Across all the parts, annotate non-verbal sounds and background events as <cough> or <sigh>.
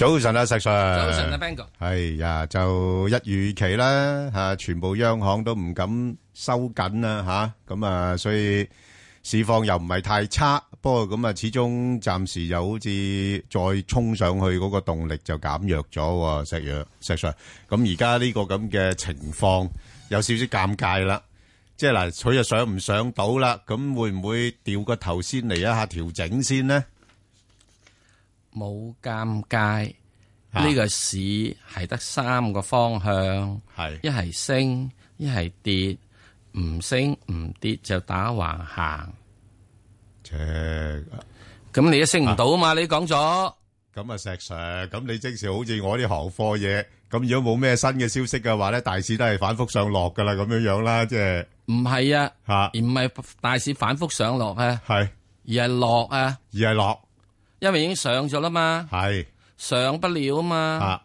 早晨啦，石 Sir！早晨啦，Bingo！係呀，就一如預期啦吓，全部央行都唔敢收緊啦吓，咁啊，所以市況又唔係太差，不過咁啊，始終暫時又好似再衝上去嗰個動力就減弱咗，石若石 Sir，咁而家呢個咁嘅情況有少少尷尬啦，即係嗱，佢又上唔上到啦，咁會唔會調個頭先嚟一下調整先呢？冇尷尬。呢、啊、個市係得三個方向，一係是升，一係跌，唔升唔跌就打橫行。咁、啊、你都升唔到啊嘛？啊你講咗，咁啊石 sir，咁你即是好似我呢行貨嘢，咁如果冇咩新嘅消息嘅話咧，大市都係反覆上落噶啦，咁樣樣、就、啦、是，即係。唔係啊，吓、啊、而唔係大市反覆上落啊，係是而係落啊，而係落，因為已經上咗啦嘛，係。上不了啊嘛，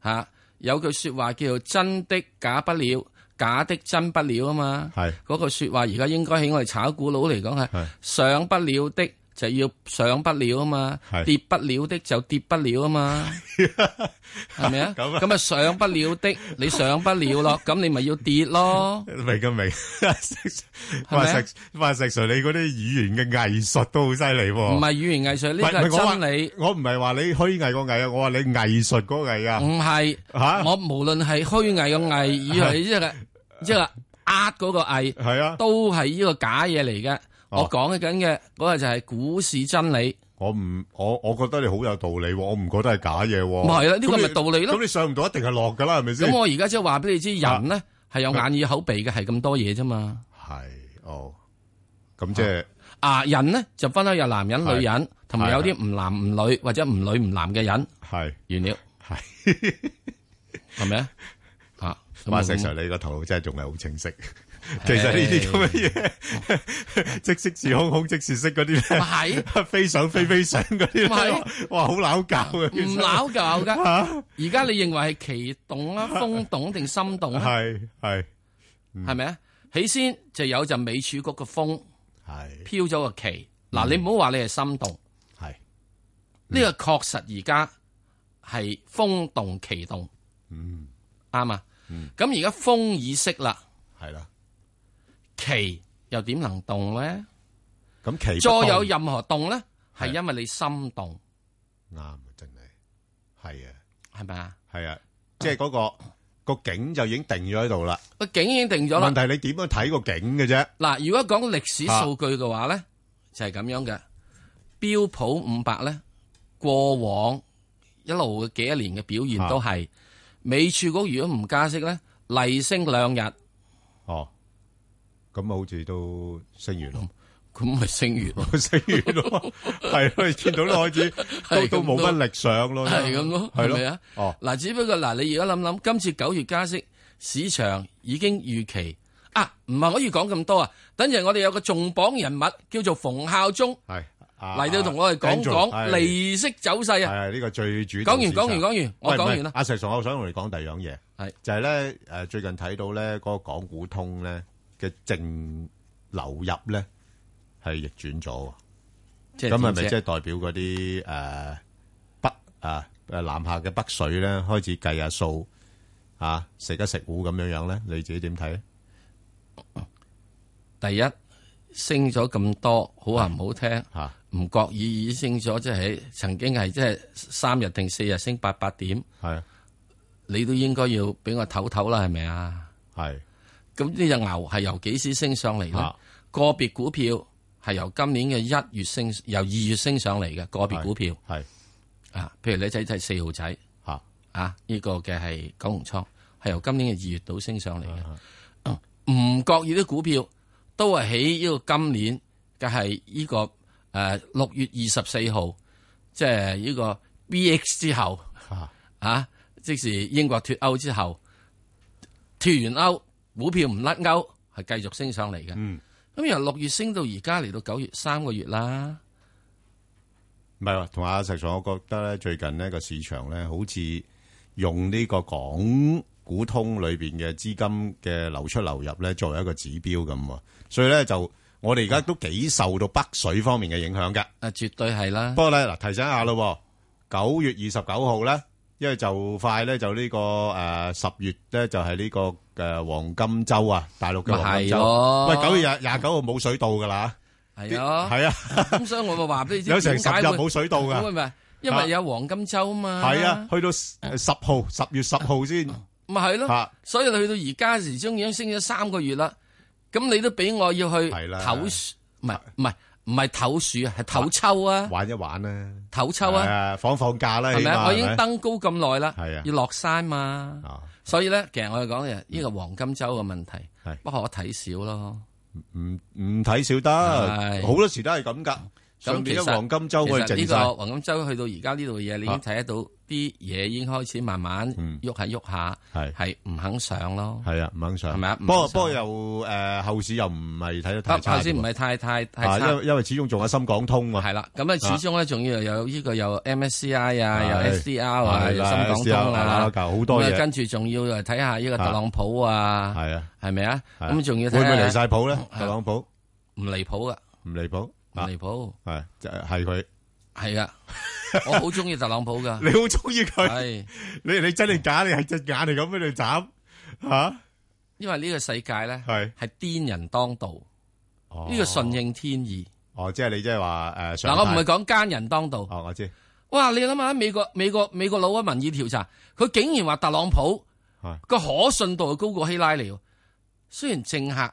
吓、啊啊，有句說話叫做真的假不了，假的真不了啊嘛。係嗰句說話，而家應該喺我哋炒股佬嚟講，係，上不了的。就要上不了啊嘛，跌不了的就跌不了啊嘛，係咪啊？咁啊，上不了的你上不了咯，咁你咪要跌咯。明嘅明，話石話石 Sir，你嗰啲語言嘅藝術都好犀利喎。唔係語言藝術，呢係真理。我唔係話你虛偽個偽啊，我話你藝術嗰個偽啊。唔係吓，我無論係虛偽個偽，以係即係即係呃嗰個偽，係啊，都係呢個假嘢嚟嘅。哦、我講緊嘅嗰個就係股市真理。我唔我我覺得你好有道理，我唔覺得係假嘢。唔係啊？呢、呢個咪道理咯。咁你，你上唔到一定係落噶啦，係咪先？咁我而家即係話俾你知，人咧係有眼耳口鼻嘅，係咁多嘢啫嘛。係哦，咁即係啊！人咧就分開有男人、女人，同埋是有啲唔男唔女或者唔女唔男嘅人。係是完了，係，係咪啊？啊，馬石 Sir，你個頭腦真係仲係好清晰。其實呢啲咁嘅嘢，即色是，空，空即是色嗰啲咧，係非想非非想嗰啲，哇，好拗教嘅，唔拗教噶。而家你認為係旗動啊，風動定心動咧？係係係咪啊？起先就有陣美儲局嘅風係飄咗個旗嗱，你唔好話你係心動係呢個，確實而家係風動旗動，嗯啱啊。咁而家風已息啦，係啦。其又點能動咧？咁旗再有任何動咧，係因為你心動啱啊！真係係啊，係咪啊？係啊，即係嗰個個景就已經定咗喺度啦。個景已經定咗啦。問題你點樣睇個景嘅啫？嗱，如果講歷史數據嘅話咧，就係咁樣嘅標普五百咧，過往一路幾一年嘅表現都係美儲局如果唔加息咧，逆升兩日哦。咁好似都升完咯，咁咪升完咯，升完咯，係咯，見到都開始都都冇乜力上咯，係咁咯，係咪啊？哦，嗱，只不過嗱，你而家諗諗，今次九月加息，市場已經預期啊，唔係可以講咁多啊。等陣我哋有個重磅人物叫做馮孝忠嚟到同我哋講講利息走勢啊，係呢個最主講完講完講完，我講完啦。阿石松，我想同你講第二樣嘢，係就係咧誒，最近睇到咧嗰個港股通咧。嘅淨流入咧係逆轉咗，咁係咪即係是代表嗰啲誒北啊誒、呃、南下嘅北水咧開始計下數啊食一食糊咁樣樣咧？你自己點睇？第一升咗咁多，好話唔好聽，唔覺意已升咗，即係曾經係即係三日定四日升八百點，係、啊、你都應該要俾我唞唞啦，係咪啊？係。咁呢隻牛係由幾時升上嚟咧？啊、個別股票係由今年嘅一月升，由二月升上嚟嘅個別股票係啊，譬如你仔仔四號仔啊，呢、啊這個嘅係九龍倉，係由今年嘅二月到升上嚟嘅。唔覺意啲股票都係喺呢個今年嘅係呢個誒六、呃、月二十四號，即係呢個 B X 之後啊，啊，即是英國脫歐之後脫完歐。股票唔甩勾，係繼續升上嚟嘅。嗯，咁由六月升到而家嚟到九月三個月啦。唔係喎，同阿阿 Sir 我覺得咧最近呢個市場咧，好似用呢個港股通裏邊嘅資金嘅流出流入咧，作為一個指標咁。所以咧就我哋而家都幾受到北水方面嘅影響㗎，啊，絕對係啦。不過咧嗱，提醒下喎，九月二十九號咧。因為就快咧，就呢個誒十月咧就係呢個誒黃金周啊，大陸嘅黃金周。唔係咯，喂九月廿廿九號冇水到噶啦，係啊係啊，咁所以我咪話俾你知，有成十日冇水到噶。咁咪咪，因為有黃金周啊嘛。係啊，去到十號十月十號先。咪係咯，所以去到而家時，終已經升咗三個月啦。咁你都俾我要去唞，唔係唔係。唔係唞暑，係唞秋啊！玩一玩啊，唞秋啊！放、啊、放假啦，係咪吧？碼我已經登高咁耐啦，啊，要落山嘛。啊、所以咧，啊、其實我哋講嘅呢個黃金周嘅問題，是不過我睇少咯。唔唔睇少得，好是多時都係咁噶。上邊嘅黃金周嘅其實，黃金周去到而家呢度嘢，你已經睇得到啲嘢已經開始慢慢喐下喐下，係唔肯上咯。係啊，唔肯上。係咪啊？不過不過又誒，後市又唔係睇得太差。後市唔係太太太差，因為因為始終仲有深港通喎。係啦，咁啊始終咧，仲要又有呢個有 MSCI 啊，有 SDR 啊，深港通啊，跟住仲要嚟睇下呢個特朗普啊。係啊，係咪啊？咁仲要會唔會離曬譜咧？特朗普唔離譜噶，唔離譜。特朗普係就係佢係啊，我好中意特朗普㗎，你好中意佢，係你你真定假？你係隻眼嚟咁俾你斬吓？啊、因為呢個世界咧係係癲人當道，呢個順應天意哦，即係你即係話誒嗱，我唔係講奸人當道哦，我知哇，你諗下美國美國美國佬嘅民意調查，佢竟然話特朗普個可信度是高過希拉里，雖然政客。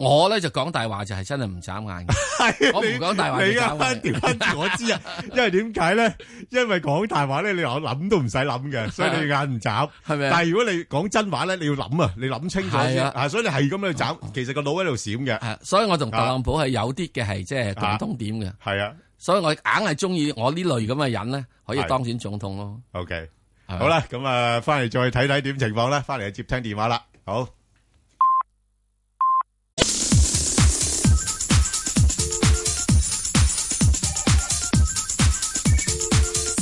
我咧就講大話就係真係唔眨眼嘅，我唔講大話點眨？條筋我知啊，因為點解咧？因為講大話咧，你話我諗都唔使諗嘅，所以你眼唔眨。係咪？但係如果你講真話咧，你要諗啊，你諗清楚先啊，所以你係咁樣去眨，其實個腦喺度閃嘅。所以我同特朗普係有啲嘅係即係共通點嘅。係啊，所以我硬係中意我呢類咁嘅人咧，可以當選總統咯。OK，好啦，咁啊，翻嚟，再睇睇點情況啦，翻嚟就接聽電話啦。好。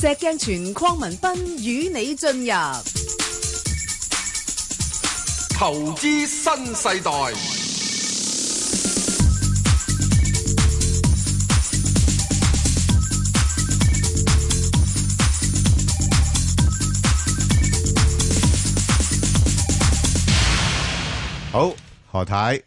石鏡泉鄺文斌與你進入投資新世代。好，何太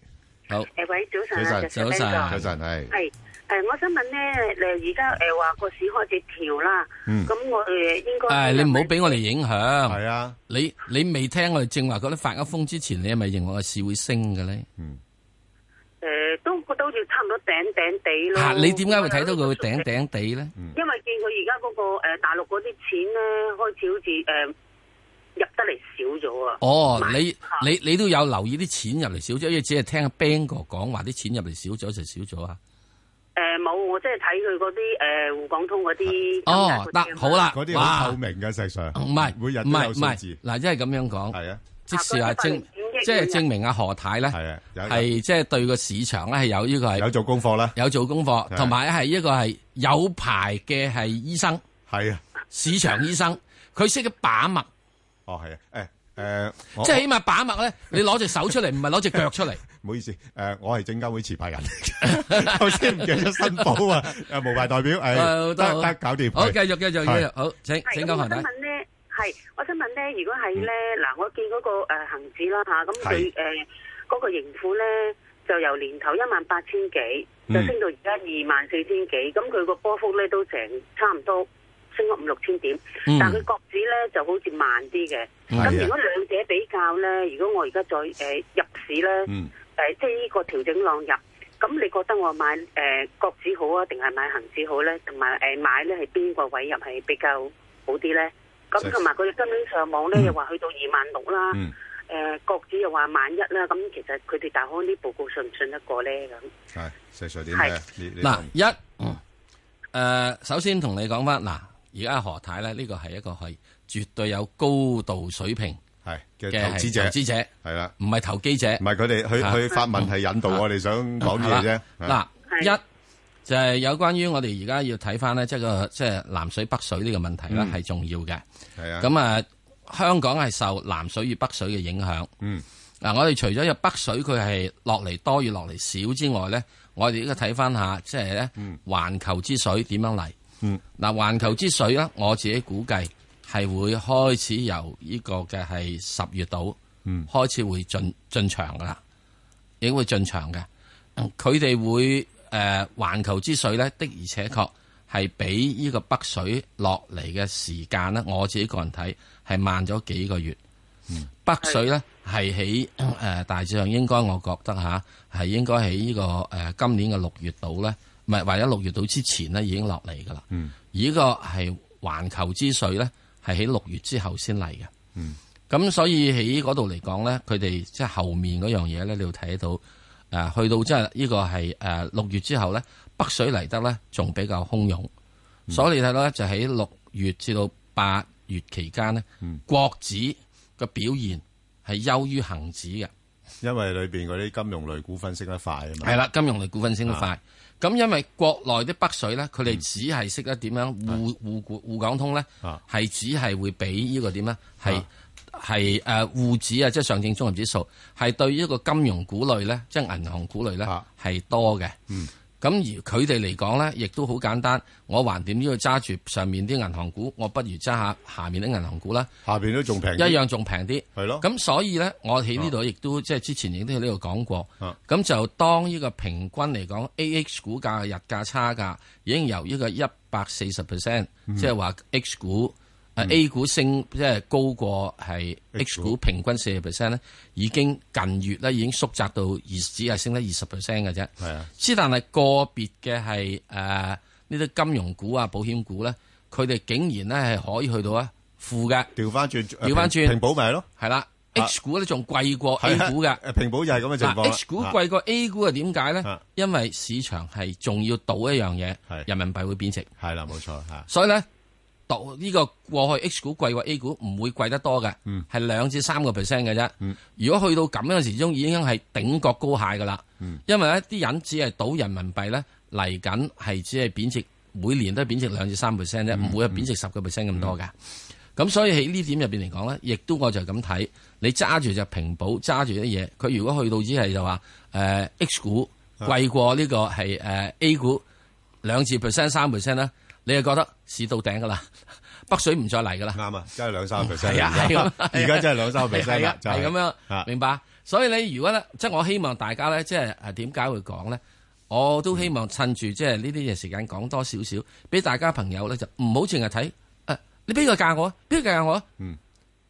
好。喂，早晨。啊，早晨，早晨，早晨，係。呃、我想問咧，誒，而家誒話個市開始調啦，咁我誒應該、哎、你唔好俾我哋影響。係啊，你你未聽我哋正話嗰啲發咗風之前，你係咪認為個市會升嘅咧？誒、嗯啊，都都好似差唔多頂頂地咯。啊、你點解會睇到佢會頂頂地咧？因為見佢而家嗰個誒、呃、大陸嗰啲錢咧開始好似誒、呃、入得嚟少咗啊。哦，買你買你你都有留意啲錢入嚟少咗，因為只係聽阿 Bang 哥講話啲錢入嚟少咗就少咗啊。誒，冇，我即係睇佢嗰啲誒，滬港通嗰啲哦得好啦嗰啲好透明嘅，實際上唔係，每日都有數字。嗱，一係咁樣講，係啊，即是話證，即係證明阿何太咧，係即係對個市場咧係有呢個係。有做功課啦，有做功課，同埋係一個係有牌嘅係醫生，係啊，市場醫生，佢識得把脈。哦，係啊，誒，誒，即係起碼把脈咧，你攞隻手出嚟，唔係攞隻腳出嚟。唔好意思，誒，我係證監會持牌人，頭先唔記得申報啊，誒，無牌代表，誒，得得，搞掂，好，繼續繼續，好，請，請我想問咧，係，我想問咧，如果係咧，嗱，我見嗰個誒恒指啦吓，咁佢誒嗰個盈富咧，就由年頭一萬八千幾，就升到而家二萬四千幾，咁佢個波幅咧都成差唔多升咗五六千點，但佢國指咧就好似慢啲嘅，咁如果兩者比較咧，如果我而家再誒入市咧，誒，即係呢個調整浪入，咁你覺得我買誒國指好啊，定係買恒指好咧？同埋誒買咧係邊個位入係比較好啲咧？咁同埋佢哋今日上網咧、嗯、又話去到二萬六啦，誒國指又話、嗯、萬一啦，咁其實佢哋大康啲報告信唔信得過咧？咁係，細碎啲嘅。嗱是一，誒、嗯呃，首先同你講翻嗱，而家何太咧呢、呢個係一個係絕對有高度水平。係嘅投資者，投資者係啦，唔係投機者，唔係佢哋，去去發問係引導我哋想講嘢啫。嗱，一就係有關於我哋而家要睇翻呢，即係個即係南水北水呢個問題咧，係重要嘅。係啊，咁啊，香港係受南水與北水嘅影響。嗯，嗱，我哋除咗有北水佢係落嚟多與落嚟少之外咧，我哋而家睇翻下，即係咧環球之水點樣嚟？嗯，嗱，環球之水咧，我自己估計。係會開始由呢個嘅係十月度開始會進進場噶啦，已經會進場嘅。佢哋會誒，環球之水咧，的而且確係比呢個北水落嚟嘅時間咧，我自己個人睇係慢咗幾個月。嗯、北水咧係喺誒大致上應該我覺得吓係、啊、應該喺呢個誒、呃、今年嘅六月度咧，唔係或者六月度之前咧已經落嚟噶啦。嗯、而呢個係環球之水咧。係喺六月之後先嚟嘅，咁、嗯、所以喺嗰度嚟講咧，佢哋即係後面嗰樣嘢咧，你要睇到誒、呃，去到即係呢個係誒六月之後咧，北水嚟得咧仲比較洶湧，嗯、所以你睇到咧就喺六月至到八月期間呢，嗯、國指嘅表現係優於恒指嘅，因為裏邊嗰啲金融類股份升得快啊嘛，係啦，金融類股份升得快。啊。咁，因為國內啲北水呢，佢哋只係識得點樣互互互港通呢，係只係會畀呢個點呢，係係誒滬指啊，即係上證綜合指數，係對於一個金融股類呢，即係銀行股類呢，係多嘅。咁而佢哋嚟講咧，亦都好簡單。我還點要揸住上面啲銀行股，我不如揸下下面啲銀行股啦。下面都仲平，一樣仲平啲。係咯。咁所以咧，我喺呢度亦都即係、啊、之前亦都喺呢度講過。咁、啊、就當呢個平均嚟講，AH 股價嘅日價差價已經由呢個一百四十 percent，即係話 H 股。啊、A 股升即係高過係 H 股平均四十 percent 咧，已經近月咧已經縮窄到二，只係升得二十 percent 嘅啫。係啊，之但係個別嘅係誒呢啲金融股啊、保險股咧，佢哋竟然咧係可以去到啊負嘅，調翻轉調翻轉平保咪係咯？係啦，H 股咧仲貴過 A 股嘅。誒，平保就係咁嘅情況。H 啦、啊、股貴過 A 股係啊？點解咧？因為市場係仲要賭一樣嘢，啊、人民幣會貶值。係啦、啊，冇錯吓。啊、所以咧。呢個過去 H 股貴過 A 股唔會貴得多嘅，係兩至三個 percent 嘅啫。嗯、如果去到咁樣嘅時鐘，已經係頂角高蟹嘅啦。嗯、因為呢啲人只係賭人民幣咧嚟緊係只係貶值，每年都係貶值兩至三 percent 啫，唔、嗯、會係貶值十個 percent 咁多嘅。咁、嗯、所以喺呢點入邊嚟講咧，亦都我就係咁睇，你揸住隻平保，揸住啲嘢。佢如果去到只係就話誒、呃、H 股貴過呢個係誒 A 股兩至 percent 三 percent 啦。你又覺得市到頂㗎喇，北水唔再嚟㗎喇，啱啊，真係兩三 percent，而家真係兩三 percent，係咁樣，明白？所以你如果咧、啊，即係我希望大家咧，即係誒點解會講咧？我都希望趁住即係呢啲嘅時間講多少少，俾大家朋友咧就唔好淨係睇誒，你邊個教我啊？邊個教我啊？嗯，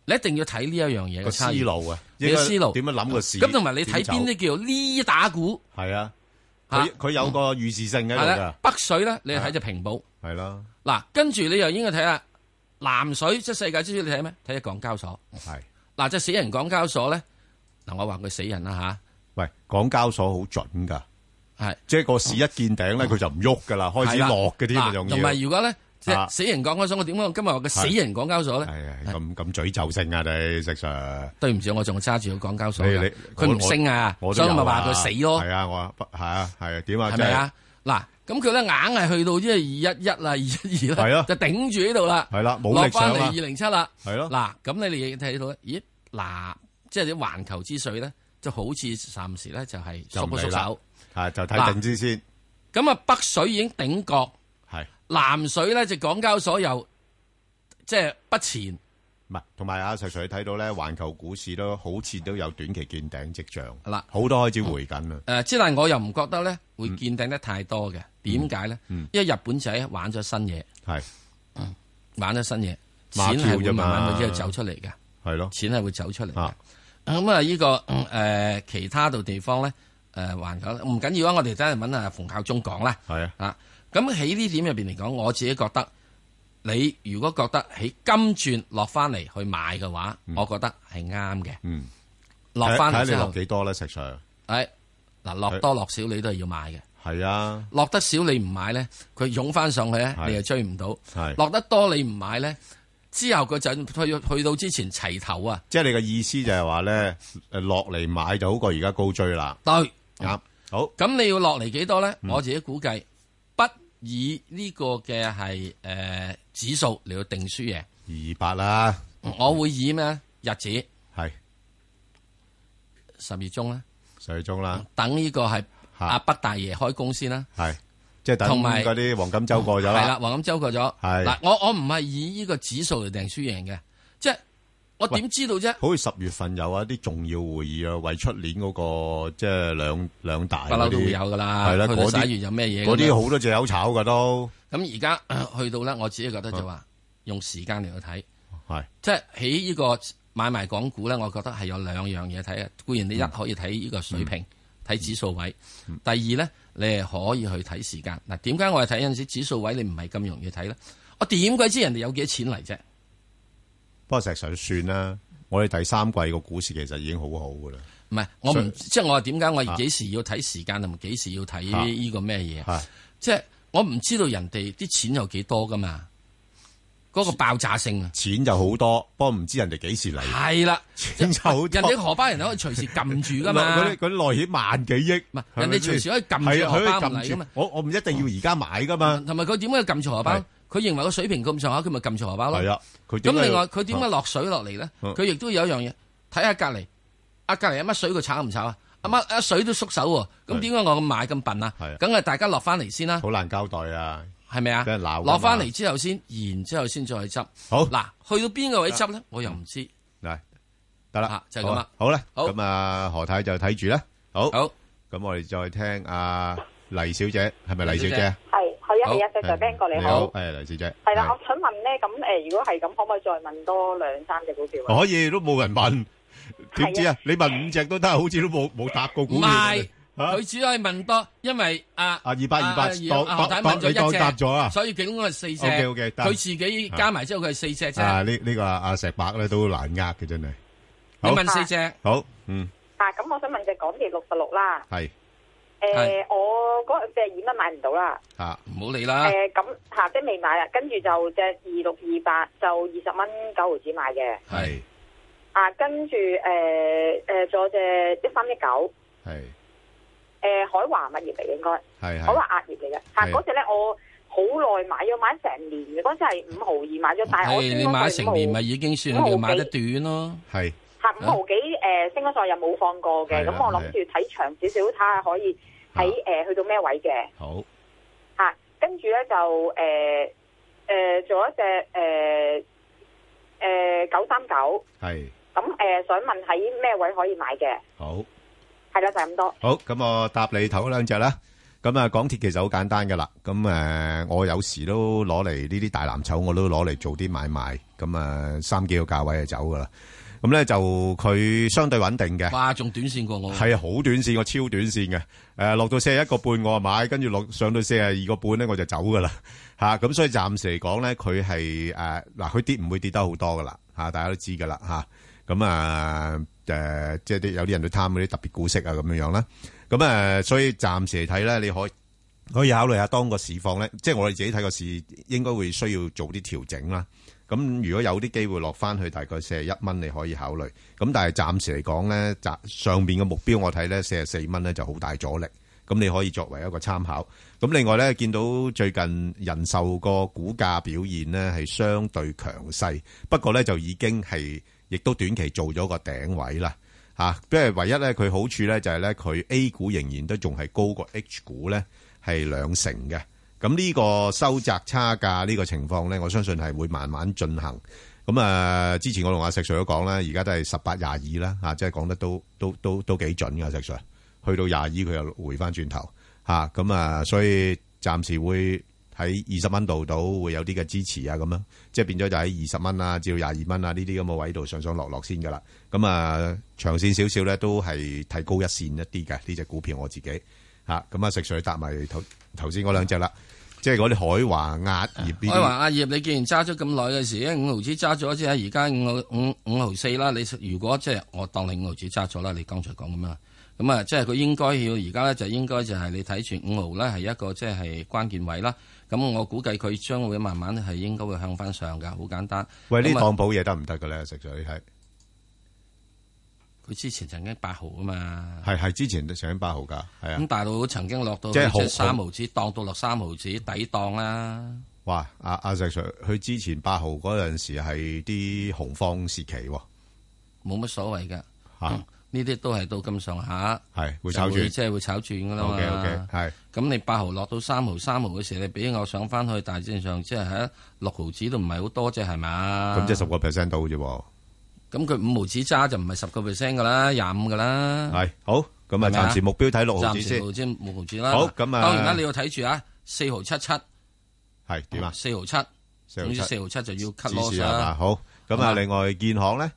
你一定要睇呢一樣嘢嘅思路嘅、啊，思路點樣諗個市？咁同埋你睇邊啲叫做呢打鼓？係啊。佢佢有個預示性嘅，北水咧，你睇隻平保，係啦。嗱，跟住你又應該睇下南水，即係世界之最，你睇咩？睇隻港交所，係嗱，即係死人港交所咧。嗱，我話佢死人啦嚇。喂，港交所好準㗎，係即係個市一見頂咧，佢就唔喐㗎啦，開始落㗎添，仲要。即係死人港交所，我點解今日話個死人港交所咧？係啊，咁咁嘴咒性啊，你 Sir。對唔住，我仲揸住個港交所。你你佢唔升啊，所以咪話佢死咯。係啊，我話係啊，係點啊？係咪啊？嗱，咁佢咧硬係去到即係二一一啦，二一二啦，就頂住呢度啦。係啦，冇力上啦。二零七啦。係咯。嗱，咁你哋睇到咧？咦，嗱，即係啲環球之水咧，就好似暫時咧就係縮手縮手。係就睇定之先。咁啊，北水已經頂角。南水咧就港交所有即係、就是、不前，唔係同埋啊，徐徐睇到咧環球股市都好似都有短期見頂跡象。係啦的，好多開始回緊啦。誒、嗯，即、嗯、係、呃、我又唔覺得咧會見頂得太多嘅。點解咧？嗯嗯、因為日本仔玩咗新嘢，係的玩咗新嘢，錢係會慢慢咁樣走出嚟嘅，係咯的，錢係會走出嚟嘅。咁啊，依個誒其他度地方咧，誒環球唔緊要啊，我哋真係搵啊馮孝忠講啦。係啊。咁喺呢點入面嚟講，我自己覺得你如果覺得喺金轉落翻嚟去買嘅話，嗯、我覺得係啱嘅。落翻嚟之後睇你落幾多咧，石上係嗱，落多落少你都係要買嘅。係是啊，落得少你唔買咧，佢湧翻上去咧，你又追唔到。係落得多你唔買咧，之後嗰陣去去到之前齊頭啊。即係你嘅意思就係話咧，誒落嚟買就好過而家高追啦。對，啱對好。咁你要落嚟幾多咧？嗯、我自己估計。不以呢個嘅係誒指數嚟定輸贏二八啦，了我會以咩日子係是十月中啦，十月中啦，等呢個係阿北大爺開工先啦，係即係等同埋嗰啲黃金周過咗啦，係啦有黃金周過咗，係嗱的我我唔係以呢個指數嚟定輸贏嘅，即係。喂我點知道啫？好似十月份有一啲重要會議啊、那個，為出年嗰個即係兩兩大，不嬲都會有噶啦。係啦的，嗰啲嗰啲好多隻有炒噶都。咁而家去到咧，我自己覺得就話用時間嚟去睇，係是即係喺呢個買賣港股咧，我覺得係有兩樣嘢睇啊。固然你一、嗯、可以睇呢個水平，睇、嗯、指數位；嗯、第二咧，你係可以去睇時間。嗱、嗯，點解我哋睇陣時指數位？你唔係咁容易睇咧。我點鬼知人哋有幾多錢嚟啫？不過成日想算啦，我哋第三季個股市其實已經好好噶啦。唔係，我唔即係我話點解我幾時要睇時間同埋幾時要睇呢個咩嘢？即係我唔知道人哋啲錢有幾多噶嘛，嗰個爆炸性啊！錢就好多，不過唔知人哋幾時嚟。係啦，錢就好多。人哋荷包人可以隨時撳住噶嘛。嗰啲嗰啲內險萬幾億，人哋隨時可以撳住荷包嚟噶嘛。我我唔一定要而家買噶嘛。同埋佢點解撳住荷包？佢認為個水平咁上下，佢咪撳住荷包咯。咁另外佢點解落水落嚟咧？佢亦都有一樣嘢，睇下隔離，啊隔離有乜水，佢炒唔炒啊？啊乜水都縮手喎，咁點解我咁買咁笨啊？係，梗係大家落翻嚟先啦。好難交代啊，係咪啊？俾人鬧落翻嚟之後先，然之後先再去執。好嗱，去到邊個位執咧？我又唔知。嗱，得啦，就係咁啦。好啦，咁啊何太就睇住啦。好，好，咁我哋再聽阿黎小姐，係咪黎小姐啊？係。係啊，就就 Ben 哥你好，係黎小姐。係啦，我想問咧，咁誒，如果係咁，可唔可以再問多兩三隻股票？可以，都冇人問。點知啊？你問五隻都得，好似都冇冇答過股票。唔係，佢只可以問多，因為啊啊二八二八當當答咗啊，所以總共係四隻。O K O K，佢自己加埋之後佢係四隻啫。啊，呢呢個阿阿石伯咧都難呃嘅真係。你問四隻，好嗯。啊，咁我想問嘅港地六十六啦，係。誒，我嗰隻二蚊買唔到啦，吓，唔好理啦。誒，咁下邊未買啦，跟住就隻二六二八就二十蚊九毫紙買嘅。係，啊，跟住誒誒，仲有隻一三一九。係，誒，海華物業嚟應該，係海華物業嚟嘅。吓，嗰隻咧我好耐買咗，買成年嘅。嗰隻係五毫二買咗，但係你買成年咪已經算要買一段咯，係。吓五毫幾誒，升咗上去又冇放過嘅，咁我諗住睇長少少睇下可以。喺誒，去到咩位嘅？好。吓，跟住咧就誒誒做一隻誒誒九三九。係。咁誒，想問喺咩位可以買嘅？好。係啦，就係咁多。好，咁我答你頭嗰兩隻啦。咁啊，港鐵其實好簡單噶啦。咁誒，我有時都攞嚟呢啲大藍籌，我都攞嚟做啲買賣。咁啊，三幾個價位就走噶啦。咁咧就佢相對穩定嘅，哇，仲短線過我，係好短線，我超短線嘅。誒、呃，落到四廿一個半我買，買，跟住落上到四廿二個半咧我就走噶啦吓。咁、啊、所以暫時嚟講咧，佢係誒嗱，佢、啊、跌唔會跌得好多噶啦吓，大家都知噶啦吓。咁啊誒，即係啲有啲人都貪嗰啲特別股息啊咁樣樣啦。咁啊，所以暫時嚟睇咧，你可以可以考慮下當個市況咧，即、就、係、是、我哋自己睇個市，應該會需要做啲調整啦。咁如果有啲機會落翻去，大概四十一蚊你可以考慮。咁但係暫時嚟講呢，上面嘅目標我睇呢，四十四蚊呢就好大阻力。咁你可以作為一個參考。咁另外呢，見到最近人壽個股價表現呢係相對強勢，不過呢就已經係亦都短期做咗個頂位啦。嚇，即係唯一呢，佢好處呢就係呢，佢 A 股仍然都仲係高過 H 股呢，係兩成嘅。咁呢個收窄差價呢個情況咧，我相信係會慢慢進行。咁啊，之前我同阿石水都講啦，而家都係十八廿二啦，即係講得都都都都幾準噶、啊。石水去到廿二，佢又回翻轉頭嚇。咁啊，啊，所以暫時會喺二十蚊度到會有啲嘅支持啊，咁啊，即係變咗就喺二十蚊啊，至到廿二蚊啊呢啲咁嘅位度上上落落先噶啦。咁啊，長線少少咧都係睇高一線一啲嘅呢隻股票我自己嚇。咁啊，啊，石穗搭埋頭頭先嗰兩隻啦。即係嗰啲海華壓業海華壓業，啊、你既然揸咗咁耐嘅時，五毫子揸咗，即係而家五五五毫四啦。你如果即係我當你五毫子揸咗啦，你剛才講咁樣，咁啊，即係佢應該要而家咧，就應該就係你睇住五毫咧，係一個即係關鍵位啦。咁我估計佢將會慢慢係應該會向翻上噶，好簡單。喂，因為呢檔保嘢得唔得噶咧？食咗係。佢之前曾經八毫啊嘛，係係之前都曾經八毫噶，係啊。咁大佬曾經落到即係三毫紙，熊當到落三毫紙抵當啦。哇！阿、啊、阿、啊、石 Sir，佢之前八毫嗰陣時係啲紅方時期喎、啊，冇乜所謂噶。嚇、啊，呢啲、嗯、都係到咁上下，係會炒住，即係會炒轉噶啦、就是、嘛。係咁、okay, okay，你八毫落到三毫、三毫嘅時候，你俾我上翻去，大正上，就是啊、是是即係喺六毫紙都唔係好多啫，係嘛？咁即係十個 percent 到啫噃。咁佢五毫紙揸就唔係十個 percent 噶啦，廿五噶啦。係好，咁啊暫時目標睇六毫紙先，六毫紙啦。好，咁啊當然啦，你要睇住啊，四毫七七係點啊？四毫七，總之四毫七就要 cut loss 啦。好，咁啊，另外建行咧，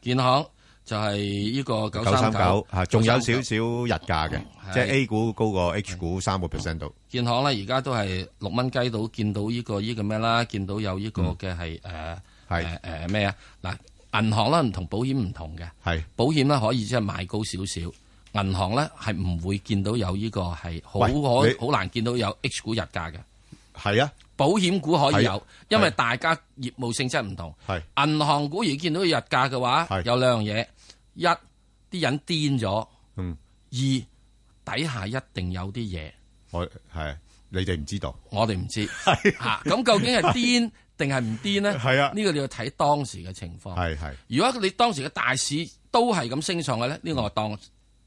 建行就係呢個九三九吓，仲有少少日價嘅，即係 A 股高過 H 股三個 percent 度。建行咧而家都係六蚊雞度見到呢個呢個咩啦，見到有呢個嘅係誒誒誒咩啊嗱。銀行啦，唔同保險唔同嘅，係保險咧可以即係賣高少少，銀行咧係唔會見到有呢個係好可好難見到有 H 股日價嘅，係啊，保險股可以有，因為大家業務性質唔同，係銀行股而見到日價嘅話，有兩樣嘢，一啲人癲咗，嗯，二底下一定有啲嘢，我係你哋唔知道，我哋唔知，吓咁究竟係癲，定係唔癲呢？係、嗯、啊，呢個你要睇當時嘅情況。係係，如果你當時嘅大市都係咁升上嘅咧，呢、嗯、個當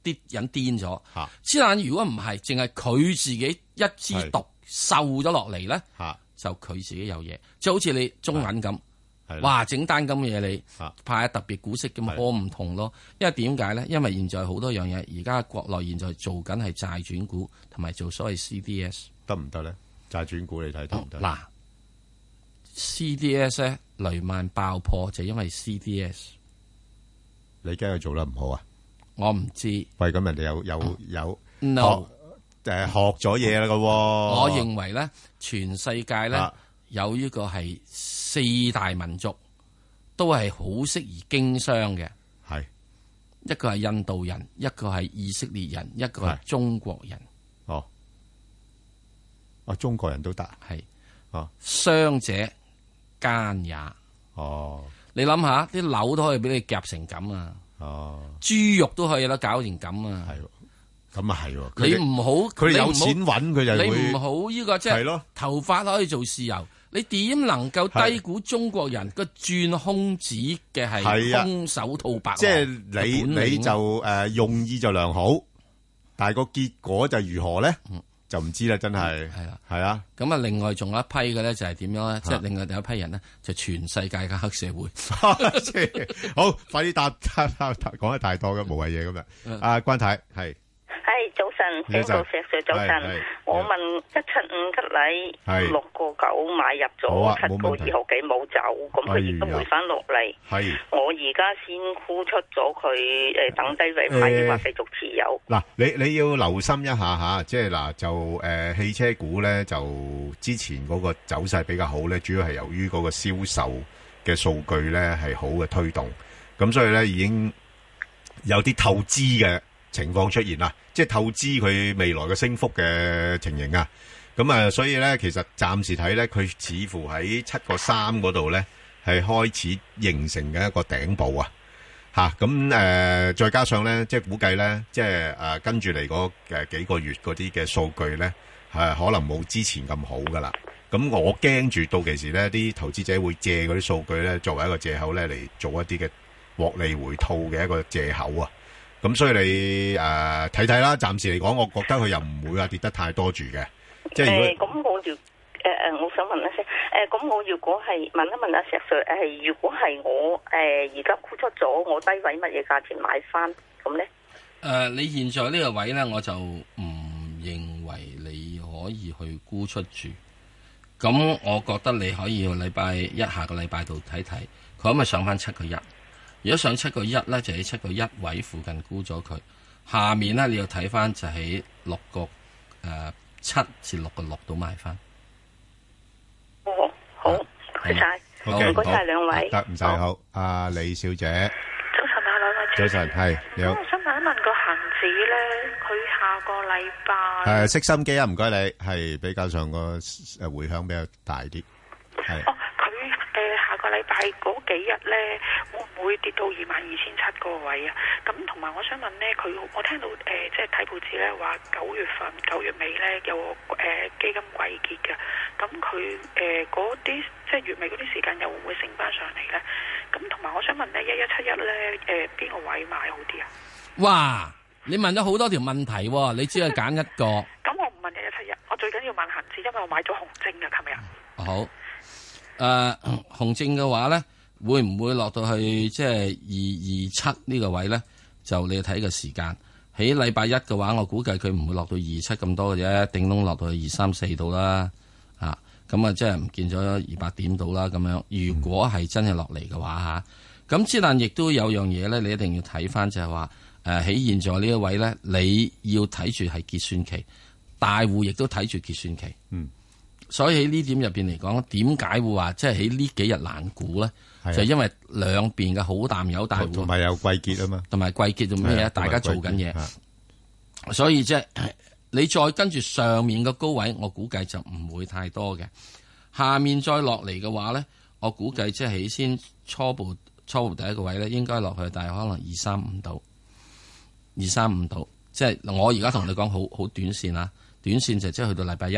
啲人癲咗。之、啊、但如果唔係，淨係佢自己一支獨瘦咗落嚟咧，啊、就佢自己有嘢。即係好似你中銀咁，啊啊、哇！整單咁嘅嘢你、啊、派特別股息嘅嘛，我唔、啊啊、同咯。因為點解咧？因為現在好多樣嘢，而家國內現在做緊係債轉股，同埋做所謂 CDS。得唔得咧？債轉股你睇得唔得？嗱、哦。CDS 咧雷曼爆破就是、因為 CDS，你驚佢做得唔好啊？我唔知道。喂，咁人哋有有、嗯、有 No. 學誒學咗嘢啦噶？我認為咧，全世界咧有呢個係四大民族、啊、都係好適宜經商嘅。係是一個係印度人，一個係以色列人，一個係中國人。哦、啊，啊，中國人都得係哦，商是、啊、者。奸也哦，你諗下，啲樓都可以俾你夾成咁啊！哦，豬肉都可以有得搞成咁啊！係，咁啊係喎，你唔好佢有錢揾佢就，你唔好呢個即係頭髮可以做豉油，你點能夠低估中國人個鑽空子嘅係空手套白狼？即係你你就誒用意就良好，但係個結果就如何咧？就唔知啦，真係係啦，係啊的。咁啊的，另外仲有一批嘅咧，啊、就係點樣咧？即係另外有一批人咧，就係、全世界嘅黑社會。 <laughs> <laughs> 好，快啲答，答，答，答，講得太多嘅無謂嘢咁、嗯、啊！阿關太係。係早晨，早晨，早晨。我問一七五吉利，六個九買入咗，七個二號幾冇走，咁佢亦都回翻落嚟。係我而家先沽出咗佢，誒，等低位派啲話繼續持有。嗱，你你要留心一下吓，即係嗱就誒汽車股咧，就之前嗰個走勢比較好咧，主要係由於嗰個銷售嘅數據咧係好嘅推動，咁所以咧已經有啲透支嘅情況出現啦。即係透支佢未來嘅升幅嘅情形啊，咁啊，所以呢，其實暫時睇呢，佢似乎喺七個三嗰度呢，係開始形成嘅一個頂部啊，吓、啊，咁、啊、誒，再加上呢，即係估計呢，即係誒跟住嚟嗰幾個月嗰啲嘅數據呢，啊、可能冇之前咁好噶啦，咁、啊、我驚住到期時呢，啲投資者會借嗰啲數據呢作為一個藉口呢，嚟做一啲嘅獲利回吐嘅一個藉口啊。咁所以你誒睇睇啦，暫、呃、時嚟講，我覺得佢又唔會話跌得太多住嘅。誒，咁、呃、我誒誒、呃，我想問一聲。誒、呃，咁我如果係問一問阿石 Sir，、呃、如果係我誒而家沽出咗，我低位乜嘢價錢買翻咁咧？誒、呃，你現在呢個位咧，我就唔認為你可以去沽出住。咁我覺得你可以禮拜一下個禮拜度睇睇，佢可唔可以上翻七個一？如果上七個一咧，就喺七個一位附近沽咗佢。下面咧，你要睇翻就喺六個誒七、呃、至六個六度賣翻、哦。好，謝晒、啊，好嘅，唔該，兩位。唔使好，阿好李小姐。早晨啊，兩位。早晨係。我想問一問個恒指咧，佢下個禮拜誒，識心機啊，唔該你，係比較上個誒回響比較大啲，係。哦禮拜嗰幾日呢，會唔會跌到二萬二千七個位啊？咁同埋我想問呢，佢我聽到誒、呃、即係睇報紙呢話九月份九月尾呢有誒、呃、基金季結噶，咁佢誒嗰啲即係月尾嗰啲時間又會唔會升翻上嚟呢？咁同埋我想問咧，一一七一呢，誒邊、呃、個位買好啲啊？哇！你問咗好多條問題，你只係揀一個。咁 <laughs> 我唔問一一七一，我最緊要的問恒指，因爲我買咗熊證噶，係咪？好。哦誒，紅、呃、證嘅話咧，會唔會落到去即係二二七呢個位咧？就你要睇個時間。喺禮拜一嘅話，我估計佢唔會落到二七咁多嘅啫，頂籠落到去二三四度啦。咁啊，即係唔見咗二百點度啦。咁樣，如果係真係落嚟嘅話吓，咁、啊、之、嗯、但亦都有樣嘢咧，你一定要睇翻就係、是、話，誒、呃，喺現在呢一位咧，你要睇住係結算期，大戶亦都睇住結算期。嗯。所以喺呢點入邊嚟講，點解會話即係喺呢幾日難估咧？就因為兩邊嘅好淡有大，同埋有季結,有結啊嘛。同埋季結做咩？大家做緊嘢，啊、所以即、就、係、是、你再跟住上面嘅高位，我估計就唔會太多嘅。下面再落嚟嘅話咧，我估計即係起先初步初步第一個位咧，應該落去，大概可能二三五度。二三五度，即係、嗯、我而家同你講，好好短線啊！短線就即係去到禮拜一。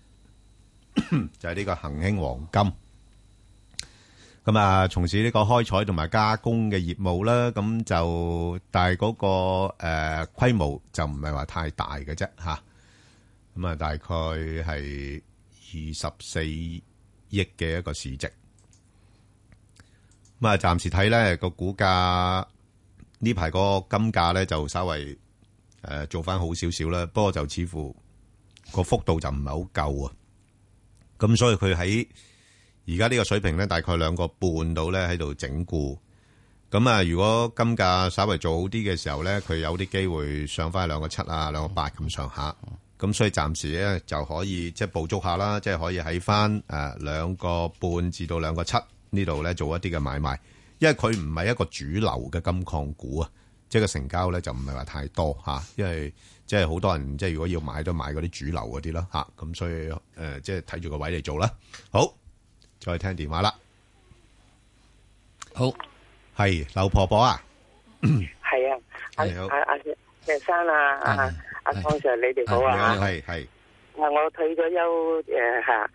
<coughs> 就係、是、呢個恒興黃金咁啊，從事呢個開採同埋加工嘅業務啦。咁就但係嗰、那個誒規、呃、模就唔係話太大嘅啫吓。咁啊，大概係二十四億嘅一個市值咁啊。暫時睇，咧、那個股價呢排個金價咧就稍微誒、呃、做翻，好少少啦，不過就似乎個幅度就唔係好夠啊。咁所以佢喺而家呢個水平咧，大概兩個半到咧喺度整固。咁啊，如果金價稍微做好啲嘅時候咧，佢有啲機會上翻兩個七啊，兩個八咁上下。咁所以暫時咧就可以即係捕捉下啦，即係可以喺翻誒兩個半至到兩個七呢度咧做一啲嘅買賣，因為佢唔係一個主流嘅金礦股啊，即係個成交咧就唔係話太多吓，因為。即係好多人，即係如果要買都買嗰啲主流嗰啲啦。吓、啊、咁所以誒、呃，即係睇住個位嚟做啦。好，再聽電話啦。好，係劉婆婆啊，係啊，啊，阿阿謝生啊，阿阿湯 Sir，你哋好啊，係係，係係我退咗休誒吓。欸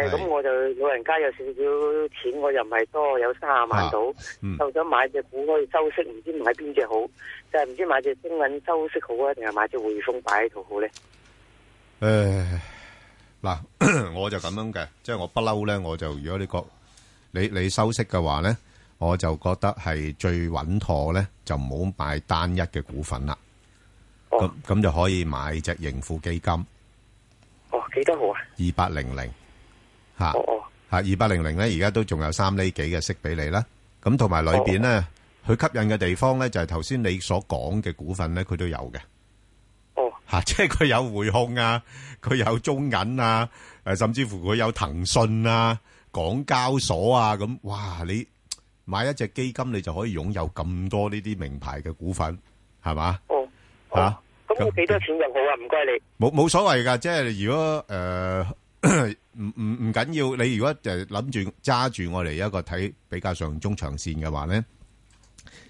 咁是我就老人家有少少錢，我又唔係多，有卅萬到，就想，啊嗯、買隻股可以收息，唔知買邊隻好，就係唔知買隻中銀收息好啊，定係買隻匯豐擺喺度好咧？誒、呃，嗱，我就咁樣嘅，即係我不嬲咧，我就如果你覺你你收息嘅話咧，我就覺得係最穩妥咧，就唔好買單一嘅股份啦。咁咁、哦、就可以買隻盈富基金。哦，幾多號啊？二八零零。吓吓二八零零咧，而家都仲有三厘幾嘅息俾你啦。咁同埋裏邊咧，佢吸引嘅地方咧，就係頭先你所講嘅股份咧，佢都有嘅。哦，吓，即係佢有匯控啊，佢有中銀啊，誒，甚至乎佢有騰訊啊，港交所啊，咁哇！你買一隻基金，你就可以擁有咁多呢啲名牌嘅股份，係嘛？哦，吓，咁幾多錢就好啊？唔該你，冇冇所謂噶，即係如果誒。唔唔唔緊要，你如果就諗住揸住我嚟，一個睇比較上中長線嘅話咧，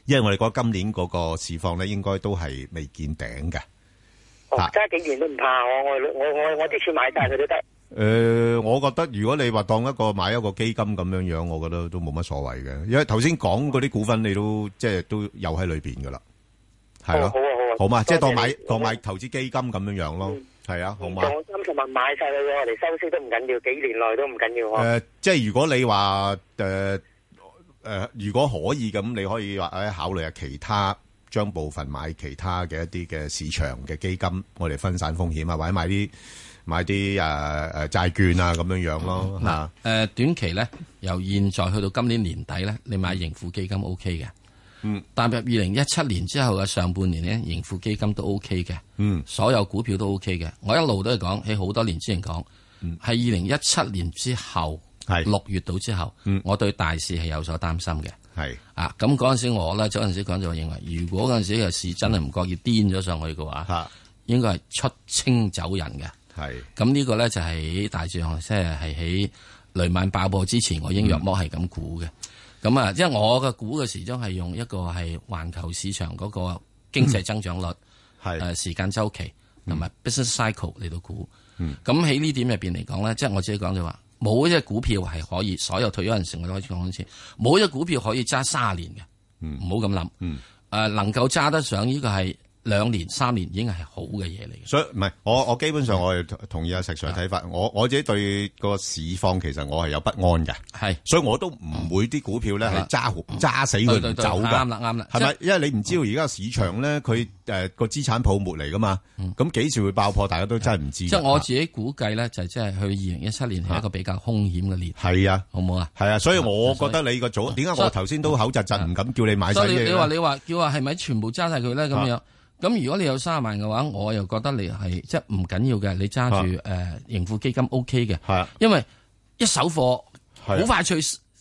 因為我哋覺得今年嗰個市況咧，應該都係未見頂嘅。吓，揸幾年都唔怕，我我我我我啲錢買大佢都得。誒，我覺得如果你話當一個買一個基金咁樣樣，我覺得都冇乜所謂嘅，因為頭先講嗰啲股份你都即係都有喺裏邊噶啦，係咯，好啊，好啊，好嘛，即係當買當買投資基金咁樣樣咯。係啊，放心，同埋買晒佢，我哋收息都唔緊要，幾年內都唔緊要。誒、呃，即係如果你話誒誒，如果可以咁，你可以話考慮下其他，將部分買其他嘅一啲嘅市場嘅基金，我哋分散風險啊，或者買啲買啲誒誒債券啊咁樣樣咯。誒、嗯呃，短期咧由現在去到今年年底咧，你買盈富基金 O K 嘅。嗯、踏入二零一七年之後嘅上半年呢，盈富基金都 O K 嘅，嗯、所有股票都 O K 嘅。我一路都係講喺好多年之前講，喺二零一七年之後，六是月度之後，嗯、我對大市係有所擔心嘅。係是啊，咁嗰陣時我咧，嗰陣時講就認為，如果嗰陣時嘅市真係唔覺意癲咗上去嘅話，嗯、應該係出清走人嘅。係咁是、啊、呢個咧就係、是、喺大市，即係喺雷曼爆破之前，我應約莫係咁估嘅。嗯咁啊，即係我嘅估嘅時裝係用一個係環球市場嗰個經濟增長率，係誒、嗯呃、時間周期同埋 business cycle 嚟到估。咁喺呢點入邊嚟講咧，即係我自己講就話，冇一隻股票係可以所有退休人士我都開始講一次，冇一隻股票可以揸三十年嘅，唔好咁諗。誒，能夠揸得上呢個係。兩年三年已經係好嘅嘢嚟，所以唔係我我基本上我同意阿石 sir 睇法。我我自己對個市況其實我係有不安嘅，係所以我都唔會啲股票咧係揸揸死佢走噶啱啱係咪？因為你唔知道而家市場咧，佢誒個資產泡沫嚟噶嘛，咁幾時會爆破，大家都真係唔知。即係我自己估計咧，就即係去二零一七年係一個比較凶險嘅年。係啊，好唔好啊？係啊，所以我覺得你個組點解我頭先都口窒窒唔敢叫你買你你話你話叫話係咪全部揸晒佢咧咁樣？咁如果你有三十萬嘅話，我又覺得你係即係唔緊要嘅，你揸住誒盈富基金 O K 嘅，因為一手貨好快速，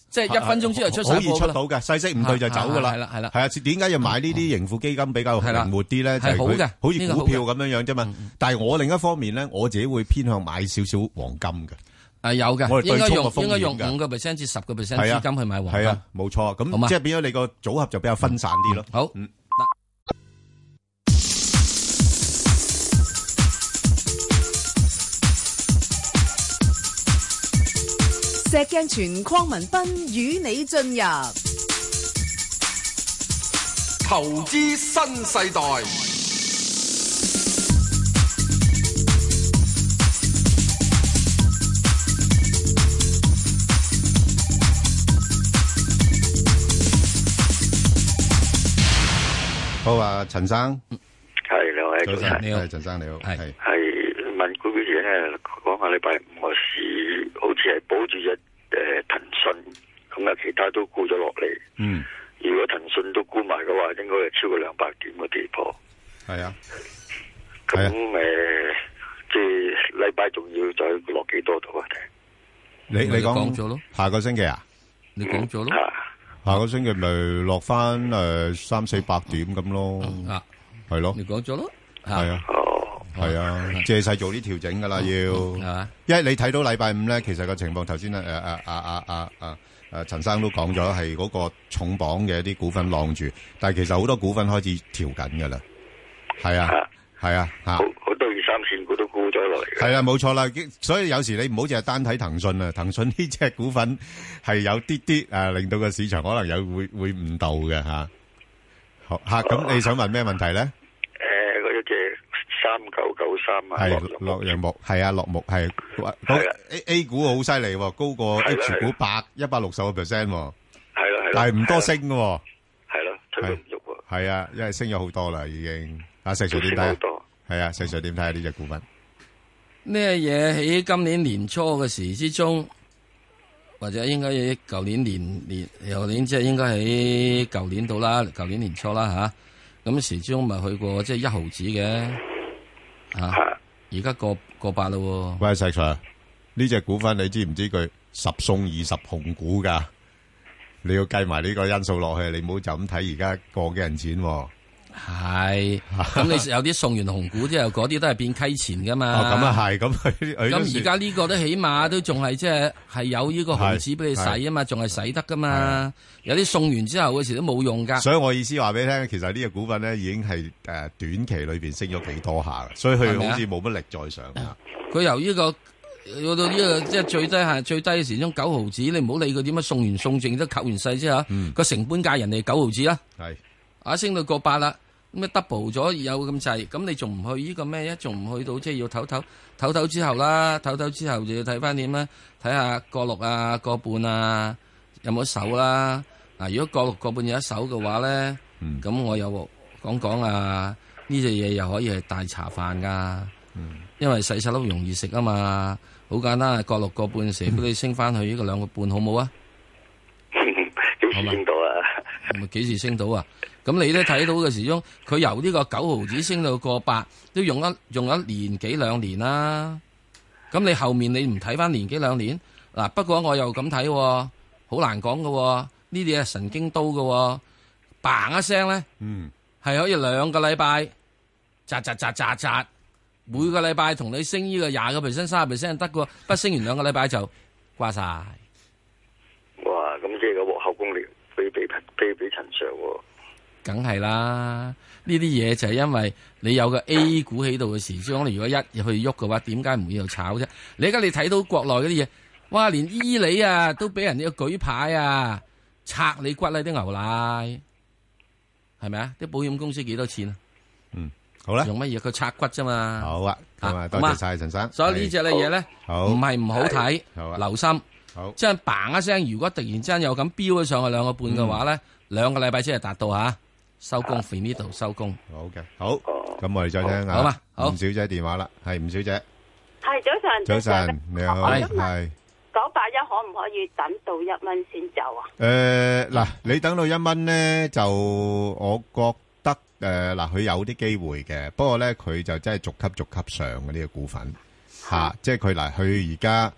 即係一分鐘之後出手可以出到嘅，勢色唔對就走噶啦，係啦，係啦，係啊，點解要買呢啲盈富基金比較靈活啲咧？就係佢好似股票咁樣樣啫嘛。但係我另一方面咧，我自己會偏向買少少黃金嘅，誒有嘅，我哋對沖個風險嘅，應該用五個 percent 至十個 percent 資金去買黃金，係啊，冇錯，咁即係變咗你個組合就比較分散啲咯，好。石鏡泉鄺文斌與你進入投資新世代。好啊，陳生，係兩位早晨，你好，陳生上你好，係係。是港股嗰啲咧，講下禮拜五嗰時，好似係保住隻誒騰訊，咁啊其他都估咗落嚟。嗯，如果騰訊都估埋嘅話，應該係超過兩百點嘅地步。係啊，咁誒那，即係禮拜仲要再落幾多度啊？你你講咗咯，下個星期啊？你講咗咯，下個星期咪落翻誒三四百點咁咯，啊，係咯？你講咗咯？係啊。係啊，借勢做啲調整噶啦，要，因為你睇到禮拜五咧，其實個情況頭先誒誒誒誒誒誒誒陳生都講咗，係嗰個重磅嘅一啲股份晾住，但係其實好多股份開始調緊噶啦，係啊，係啊，吓，好多二三線股都沽咗落嚟嘅，係啦，冇錯啦，所以有時你唔好淨係單睇騰訊啊，騰訊呢隻股份係有啲啲誒，令到個市場可能有會會誤導嘅，吓，好吓，咁你想問咩問題咧？三九九三啊，係落日木，係啊，落木係，A A 股好犀利喎，高過 H 股百一百六十個 percent，係啦係啦，但係唔多升嘅，係啦出喐，係啊，因為升咗好多啦已經，啊，Sir 點睇？係啊 Sir 點睇呢隻股份？呢嘢喺今年年初嘅時之中，或者應該舊年年年後年即係應該喺舊年度啦，舊年年初啦吓，咁時中咪去過即係一毫子嘅。啊！而家過過百咯，啊，喂，石 Sir，呢隻股份你知唔知佢十送二十紅股噶？你要計埋呢個因素落去，你唔好就咁睇而家個幾銀錢，啊。係，咁你有啲送完紅股之後，嗰啲都係變溪錢噶嘛？咁、哦、啊係，咁咁而家呢個都起碼都仲係即係，係有呢個毫子俾你使啊嘛，仲係使得噶嘛？的有啲送完之後嗰時候都冇用噶。所以我意思話俾你聽，其實呢隻股份咧已經係誒短期裏邊升咗幾多下，所以佢好似冇乜力再上。佢由呢個到呢個即係最低下最低嘅時中九毫子，你唔好理佢點樣送完送淨都吸完世之後，個、嗯、成本價人哋九毫子啦。係。啊，升到過八啦，咁啊 double 咗有咁滯，咁你仲唔去呢個咩一仲唔去到即係要唞唞唞唞之後啦，唞唞之後就要睇翻點啦，睇下過六啊過半啊有冇手啦。嗱，如果過六過半有一手嘅話咧，咁、嗯、我又講講啊，呢隻嘢又可以係大茶飯噶，嗯、因為細細粒容易食啊嘛，好簡單啊，過六過半時俾、嗯、你升翻去呢、這個兩個半好唔好啊？好先咪幾時升到啊？咁你都睇到嘅時鐘，佢由呢個九毫子升到過百，都用一用一年幾兩年啦、啊。咁你後面你唔睇翻年幾兩年嗱、啊？不過我又咁睇、啊，好難講嘅、啊。呢啲係神經刀嘅、啊，嘭一聲咧，係、嗯、可以兩個禮拜扎扎扎扎扎，每個禮拜同你升呢個廿個 percent、三十 percent 得嘅，不過升完兩個禮拜就掛晒。梗係啦！呢啲嘢就係因為你有個 A 股喺度嘅時，所以我哋如果一入去喐嘅話，點解唔又炒啫？你而家你睇到國內嗰啲嘢，哇！連伊利啊都俾人哋個舉牌啊，拆你骨啦！啲牛奶係咪啊？啲保險公司幾多錢啊？嗯，好啦。用乜嘢？佢拆骨啫嘛、啊。好啊，咁啊，多謝晒陳、啊、生。所以呢隻嘅嘢咧，唔係唔好睇，留心。好，即係嘭一聲，如果突然之間又咁飆咗上去兩個半嘅話咧。嗯兩個禮拜先係達到吓，收工，喺呢度收工。好嘅，好。咁我哋再聽下。好嘛，好。吳小姐電話啦，係吳小姐。係早晨，早晨，你好，係係。九八一可唔可以等到一蚊先走啊？誒，嗱，你等到一蚊咧，就我覺得誒，嗱，佢有啲機會嘅。不過咧，佢就真係逐級逐級上嘅呢個股份吓，即係佢嗱，佢而家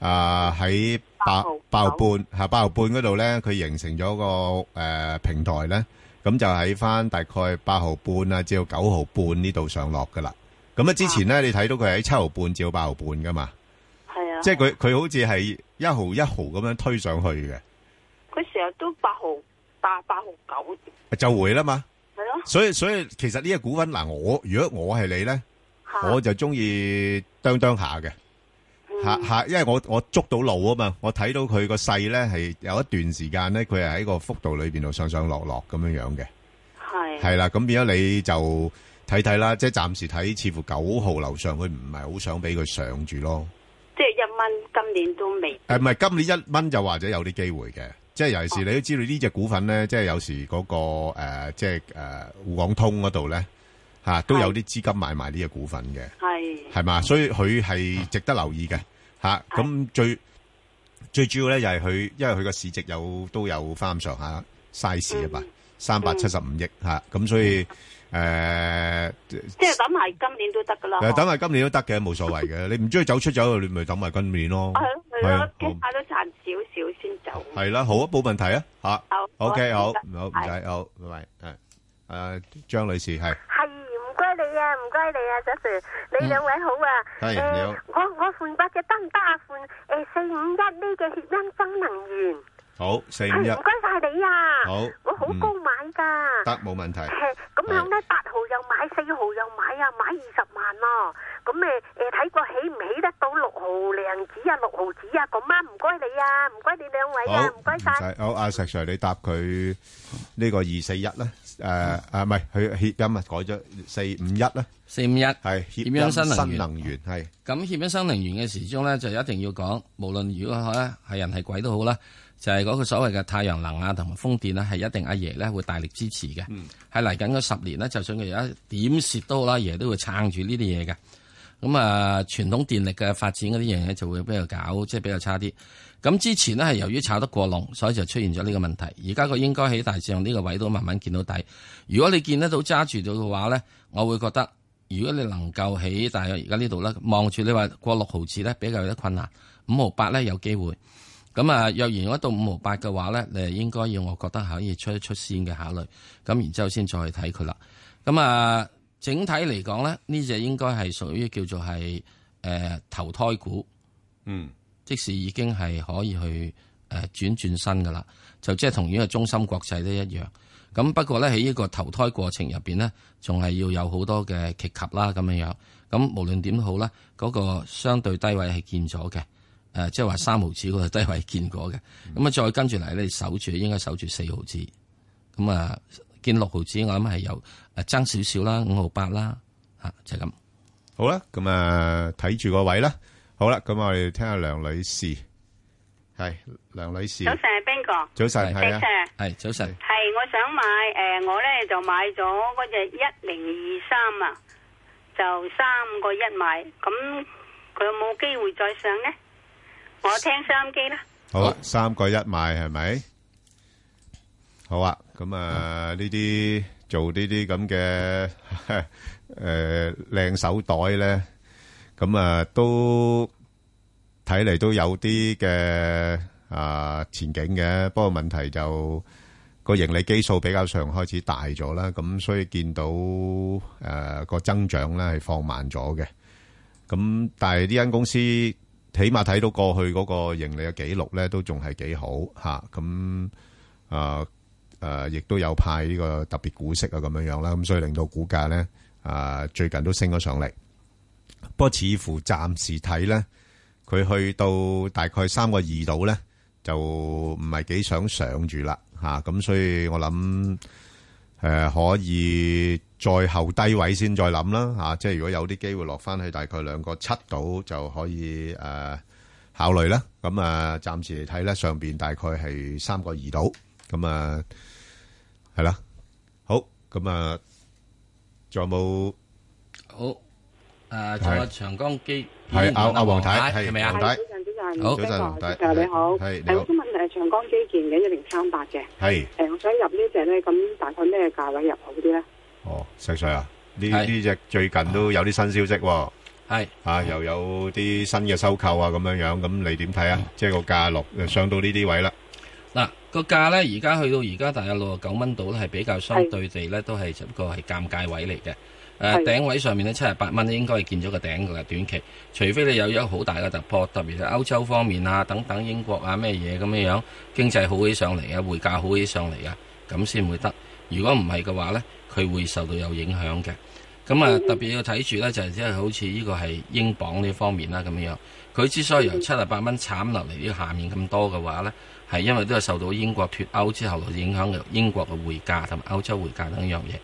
啊喺。八號八號半吓，八號半嗰度咧，佢形成咗個誒、呃、平台咧，咁就喺翻大概八號半啊，至到九號半呢度上落噶啦。咁啊，之前咧你睇到佢喺七號半至到八號半噶嘛？係啊，即係佢佢好似係一毫一毫咁樣推上去嘅。佢成日都八號八八號九，就回啦嘛。係咯、啊，所以所以其實呢個股份嗱、啊，我如果我係你咧，啊、我就中意當當下嘅。嚇嚇，因為我我捉到路啊嘛，我睇到佢個勢咧係有一段時間咧，佢係喺個幅度裏邊度上上落落咁樣樣嘅。係係啦，咁變咗你就睇睇啦，即係暫時睇，似乎九號樓上佢唔係好想俾佢上住咯。即係一蚊今年都未。誒唔係今年一蚊就或者有啲機會嘅，即係尤其是你都知道呢隻股份咧，即係有時嗰個誒即係誒滬港通嗰度咧嚇，都有啲資金買埋呢隻股份嘅。係係嘛，所以佢係值得留意嘅。吓，咁最最主要咧，就係佢，因為佢個市值有都有翻咁上下 size 啊嘛，三百七十五億吓，咁所以誒，即係等埋今年都得噶啦。誒，等埋今年都得嘅，冇所謂嘅，你唔中意，走出走去，你咪等埋今年咯。係啊，我起碼都賺少少先走。係啦，好啊，冇問題啊，吓，OK 好，好唔使，好，拜拜，誒，誒，張女士係。唔該你啊，石 Sir，你兩位好啊，我我換八隻得唔得啊？換誒四五一呢嘅協鑫新能源，好四五一，唔該晒你啊，好，我好高買噶，得冇問題，咁樣咧八號又買，四號又買啊，買二十萬哦，咁誒誒睇過起唔起得到六毫零子啊，六毫子啊，咁啊唔該你啊，唔該你兩位啊，唔該晒，好阿石 Sir，你答佢呢個二四一咧。誒誒，唔係、呃，佢、呃、協鑫啊，改咗四五一啦，四五一係協鑫新能源係。咁協鑫新能源嘅時鐘咧，就一定要講，無論如果係係人係鬼都好啦，就係、是、嗰個所謂嘅太陽能啊，同埋風電咧，係一定阿爺咧會大力支持嘅。係嚟緊嗰十年呢，就算佢而家點蝕都好啦，爺都會撐住呢啲嘢嘅。咁啊，傳統電力嘅發展嗰啲嘢咧，就會比較搞，即、就、係、是、比較差啲。咁之前呢，係由於炒得過濃，所以就出現咗呢個問題。而家佢應該喺大市上呢個位都慢慢見到底。如果你見得到揸住到嘅話呢，我會覺得如果你能夠喺大約，而家呢度呢望住你話過六毫紙呢比較有啲困難，五毫八呢，有機會。咁啊，若然講到五毫八嘅話呢，你應該要我覺得可以出一出先嘅考慮。咁然之後先再去睇佢啦。咁啊，整體嚟講呢，呢隻應該係屬於叫做係誒投胎股。嗯。即使已經係可以去誒、呃、轉轉身嘅啦，就即係同呢個中心國際都一樣。咁不過咧，喺呢在這個投胎過程入面呢，仲係要有好多嘅劇集啦，咁樣。咁無論點好咧，嗰、那個相對低位係見咗嘅，誒、呃、即係話三毫子個低位見過嘅。咁啊、嗯、再跟住嚟咧，你守住應該守住四毫子。咁啊見六毫子我，我諗係有誒爭少少啦，五毫八啦、啊、就咁、是。好啦，咁啊睇住個位啦。好啦，咁我哋聽下梁女士，係梁女士。早晨係邊個？早晨係啊，係早晨。係我想買誒，我咧就買咗嗰隻一零二三啊，就三個一買，咁佢有冇機會再上咧？我聽收音機啦。好，三個一買係咪？好啊，咁啊呢啲做呢啲咁嘅誒靚手袋咧。咁啊，都睇嚟都有啲嘅啊前景嘅，不過問題就個盈利基數比較上開始大咗啦，咁所以見到誒個增長咧係放慢咗嘅。咁但係呢間公司起碼睇到過去嗰個盈利嘅紀錄咧，都仲係幾好吓。咁啊誒，亦都有派呢個特別股息啊，咁樣樣啦。咁所以令到股價咧啊，最近都升咗上嚟。不過似乎暫時睇咧，佢去到大概三個二度咧，就唔係幾想上住啦吓。咁、啊、所以我諗誒、呃，可以再後低位先再諗啦吓。即係如果有啲機會落翻去大概兩個七度，就可以誒、呃、考慮啦。咁啊，暫時嚟睇咧，上邊大概係三個二度。咁啊，係啦。好，咁啊，仲有冇？好。誒，長長江基建，阿阿黃太係咪啊？你好，你好，你好，你好。誒，我想問誒長江基建嘅一零三八嘅。係誒，我想入呢隻咧，咁大概咩價位入好啲咧？哦，石穗啊，呢呢隻最近都有啲新消息喎。係啊，又有啲新嘅收購啊，咁樣樣，咁你點睇啊？即係個價落上到呢啲位啦。嗱，個價咧而家去到而家大約六十九蚊度咧，係比較相對地咧，都係只不過係尷尬位嚟嘅。誒，頂是位上面咧七十八蚊咧，應該係見咗個頂噶，短期，除非你有咗好大嘅突破，特別係歐洲方面啊等等英國啊咩嘢咁樣樣，經濟好起上嚟啊，匯價好起上嚟啊，咁先會得。如果唔係嘅話呢，佢會受到有影響嘅。咁啊，特別要睇住呢，就係即係好似呢個係英鎊呢方面啦咁樣樣。佢之所以由七十八蚊慘落嚟呢下面咁多嘅話呢，係因為都係受到英國脱歐之後影響嘅英國嘅匯價同埋歐洲匯價等一樣嘢。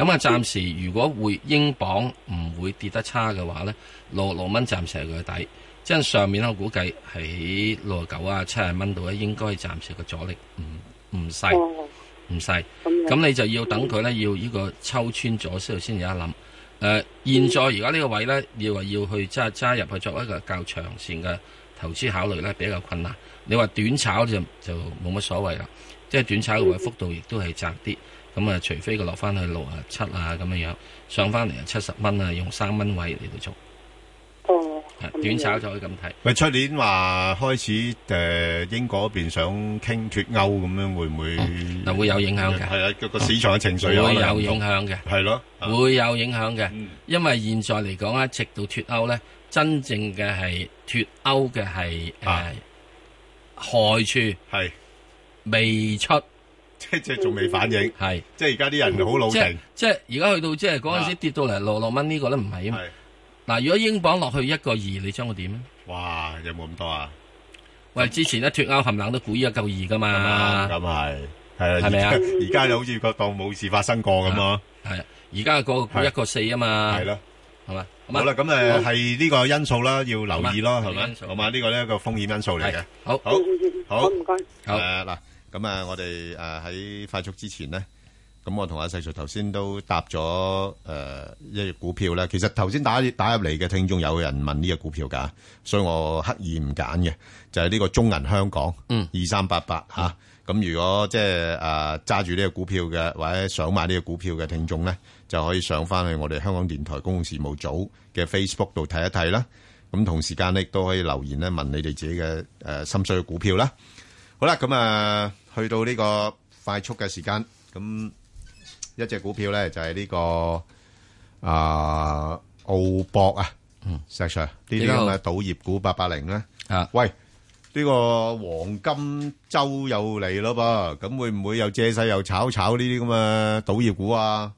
咁啊，暫時如果匯英鎊唔會跌得差嘅話咧，六六蚊暫時係佢嘅底。即係上面咧，我估計喺六九啊七啊蚊度咧，應該係暫時嘅阻力唔唔細唔細。咁、嗯、你就要等佢咧，要呢個抽穿咗先，先有得諗。誒，現在而家呢個位咧，你話要去揸揸入去作為一個較長線嘅投資考慮咧，比較困難。你話短炒就就冇乜所謂啦，即係短炒嘅位幅度亦都係窄啲。咁啊，除非佢落翻去六啊七啊咁樣樣，上翻嚟啊七十蚊啊，用三蚊位嚟到做。哦、嗯。係，短炒就可以咁睇。喂，出年話開始誒、呃，英國嗰邊想傾脱歐咁樣，會唔會？嗱、嗯嗯，會有影響嘅。係啊，個市場嘅情緒會有影響嘅。係咯。會有影響嘅，啊、因為現在嚟講啊，直到脱歐咧，真正嘅係脱歐嘅係誒害處係是未出。即即仲未反應，係即而家啲人好老成。即即而家去到即嗰陣時跌到嚟落落蚊呢個呢唔係啊嘛。嗱，如果英鎊落去一個二，你將佢點啊？哇！有冇咁多啊？喂，之前一脫歐寒冷都估一嚿二噶嘛？咁係係咪啊？而家就好似個當冇事發生過咁啊？係而家個估一個四啊嘛？係啦係嘛？好啦，咁誒係呢個因素啦，要留意咯，係咪？好嘛，呢個呢一個風險因素嚟嘅。好好好，唔該。好嗱。咁啊，我哋誒喺快速之前咧，咁我同阿細 Sir 頭先都答咗誒一隻股票啦。其實頭先打打入嚟嘅聽眾有人問呢個股票㗎，所以我刻意唔揀嘅就係、是、呢個中銀香港800，、嗯，二三八八吓。咁如果即係誒揸住呢個股票嘅，或者想買呢個股票嘅聽眾咧，就可以上翻去我哋香港電台公共事務組嘅 Facebook 度睇一睇啦。咁同時間呢，亦都可以留言咧問你哋自己嘅誒、呃、心水嘅股票啦。好啦，咁啊～、呃去到呢個快速嘅時間，咁一隻股票咧就係呢個啊澳博啊，石 Sir，呢啲咁嘅賭業股八八零咧，啊喂，呢個黃金周又嚟咯噃，咁會唔會又借勢又炒炒呢啲咁嘅賭業股啊？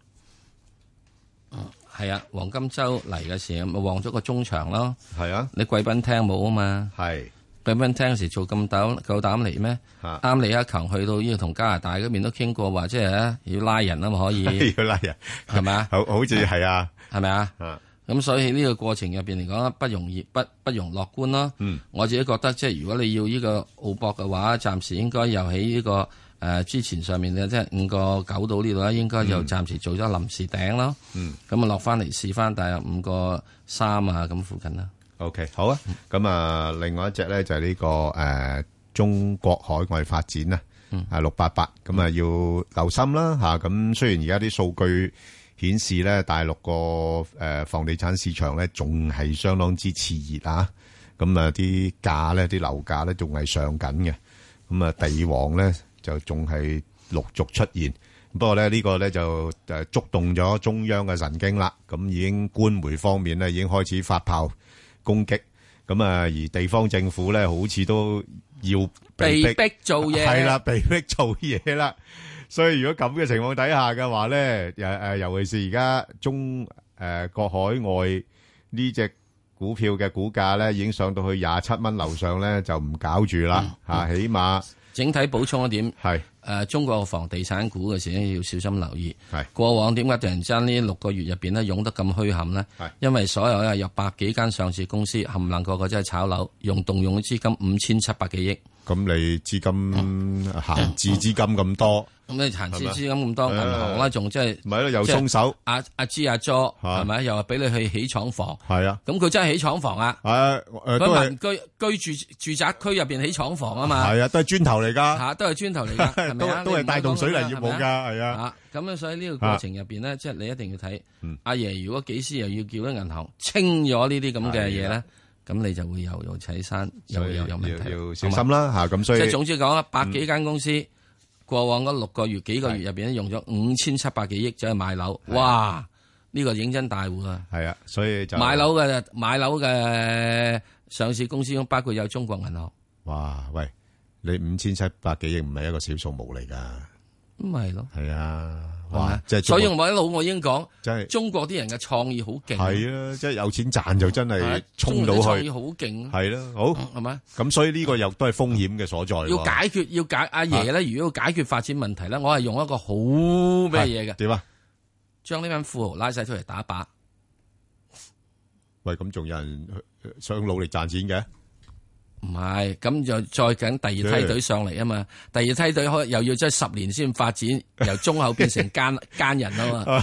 嗯，係啊，黃金周嚟嘅時候咪旺咗個中場咯，係啊，你貴賓廳冇啊嘛，係。俾人聽時做咁膽夠膽嚟咩？啱你阿強去到呢度，同加拿大嗰邊都傾過話，即係啊要拉人啊嘛，可以要拉人係咪吧啊？好好似係啊，係咪啊？咁所以呢個過程入邊嚟講，不容易不不容樂觀咯。嗯，我自己覺得即係如果你要呢個澳博嘅話，暫時應該又喺呢、這個誒、呃、之前上面嘅，即係五個九度呢度咧，應該就暫時做咗臨時頂咯。嗯，咁啊落翻嚟試翻，大約五個三啊咁附近啦。O、okay, K，好啊。咁啊，另外一隻咧就係、是、呢、這個誒、呃，中國海外發展啦，嗯、啊六八八咁啊，要留心啦吓。咁、啊、雖然而家啲數據顯示咧，大陸個誒房地產市場咧仲係相當之熾熱啊。咁啊，啲價咧，啲樓價咧仲係上緊嘅。咁啊，地王咧就仲係陸續出現。不過咧，這個、呢個咧就誒觸、啊、動咗中央嘅神經啦。咁已經官媒方面咧已經開始發炮。攻擊咁啊！而地方政府咧，好似都要被逼做嘢，係啦，被逼做嘢啦。所以如果咁嘅情況底下嘅話咧，誒誒，尤其是而家中誒國海外呢隻股票嘅股價咧，已經上到去廿七蚊樓上咧，就唔搞住啦吓，起碼整體補充一點係。誒、呃、中國嘅房地產股嘅時候，要小心留意。是過往點解突然間呢六個月入邊呢，湧得咁虛冚咧？因為所有有百幾間上市公司，冚唪唥個個真係炒樓，用動用嘅資金五千七百幾億。咁你資金，閒置資金咁多？咁你陳思思咁咁多銀行啦，仲即係咪咧？又鬆手，阿阿朱阿 Jo 係咪又話俾你去起廠房？係啊，咁佢真係起廠房啊！係民居居住住宅區入邊起廠房啊嘛！係啊，都係磚頭嚟噶，都係磚頭嚟噶，都係帶動水泥業務噶，係啊。咁所以呢個過程入邊呢，即係你一定要睇。阿爺，如果幾時又要叫啲銀行清咗呢啲咁嘅嘢咧，咁你就會又有起山，又會有問題。小心啦，吓，咁所以。即係總之講啦，百幾間公司。過往嗰六個月、幾個月入邊咧，用咗五千七百幾億走去買樓，的哇！呢、這個認真大戶啊，係啊，所以就買樓嘅，買樓嘅上市公司中包括有中國銀行。哇！喂，你五千七百幾億唔係一個小數目嚟噶。咁咪咯，係啊，所以我一路我已經講，即係中國啲人嘅創意好勁，係啊，即係有錢賺就真係衝到去，創意好勁，係啦，好係咪？咁所以呢個又都係風險嘅所在。要解決要解，阿爺咧，如果要解決發展問題咧，我係用一個好咩嘢嘅？點啊？將呢班富豪拉晒出嚟打靶。喂，咁仲有人想努力賺錢嘅？唔係，咁就再緊第二梯隊上嚟啊嘛！第二梯隊開又要即十年先發展，由中後變成奸奸人啊嘛！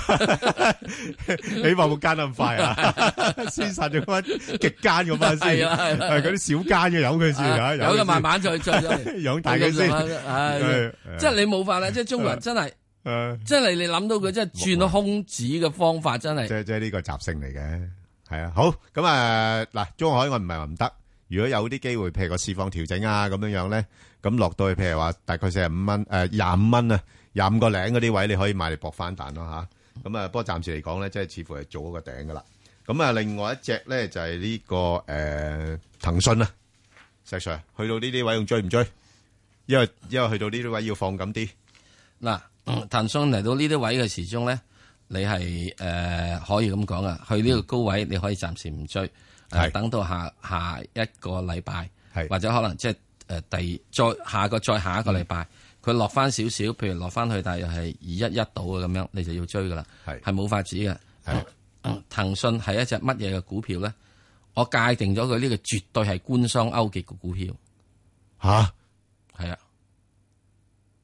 起碼冇奸得咁快啊？先殺咗班極奸嗰班，先，係嗰啲小奸嘅有佢先有佢慢慢再再養大佢先。即係你冇法啦！即係中國人真係，即係你諗到佢真係轉到空子嘅方法，真係，即係即係呢個習性嚟嘅，係啊！好咁啊嗱，中海我唔係話唔得。如果有啲機會，譬如個市況調整啊咁樣樣咧，咁落到去，譬如話大概四十五蚊，誒廿五蚊啊，廿五個零嗰啲位，你可以買嚟搏翻彈，咯，吓，咁啊，不過暫時嚟講咧，即係似乎係做一個頂噶啦。咁啊，另外一隻咧就係呢、這個誒、呃、騰訊啊，石 Sir 去到呢啲位仲追唔追？因為因為去到呢啲位要放緊啲。嗱、啊，騰訊嚟到呢啲位嘅時鐘咧，你係、呃、可以咁講啊，去呢個高位你可以暫時唔追。係等到下下一個禮拜，或者可能即係誒第再下個再下一個禮拜，佢落翻少少，譬如落翻去，但係又係二一一到咁樣，你就要追噶啦，係冇法子嘅。騰訊係一隻乜嘢嘅股票咧？我界定咗佢呢個絕對係官商勾結嘅股票。吓，係啊，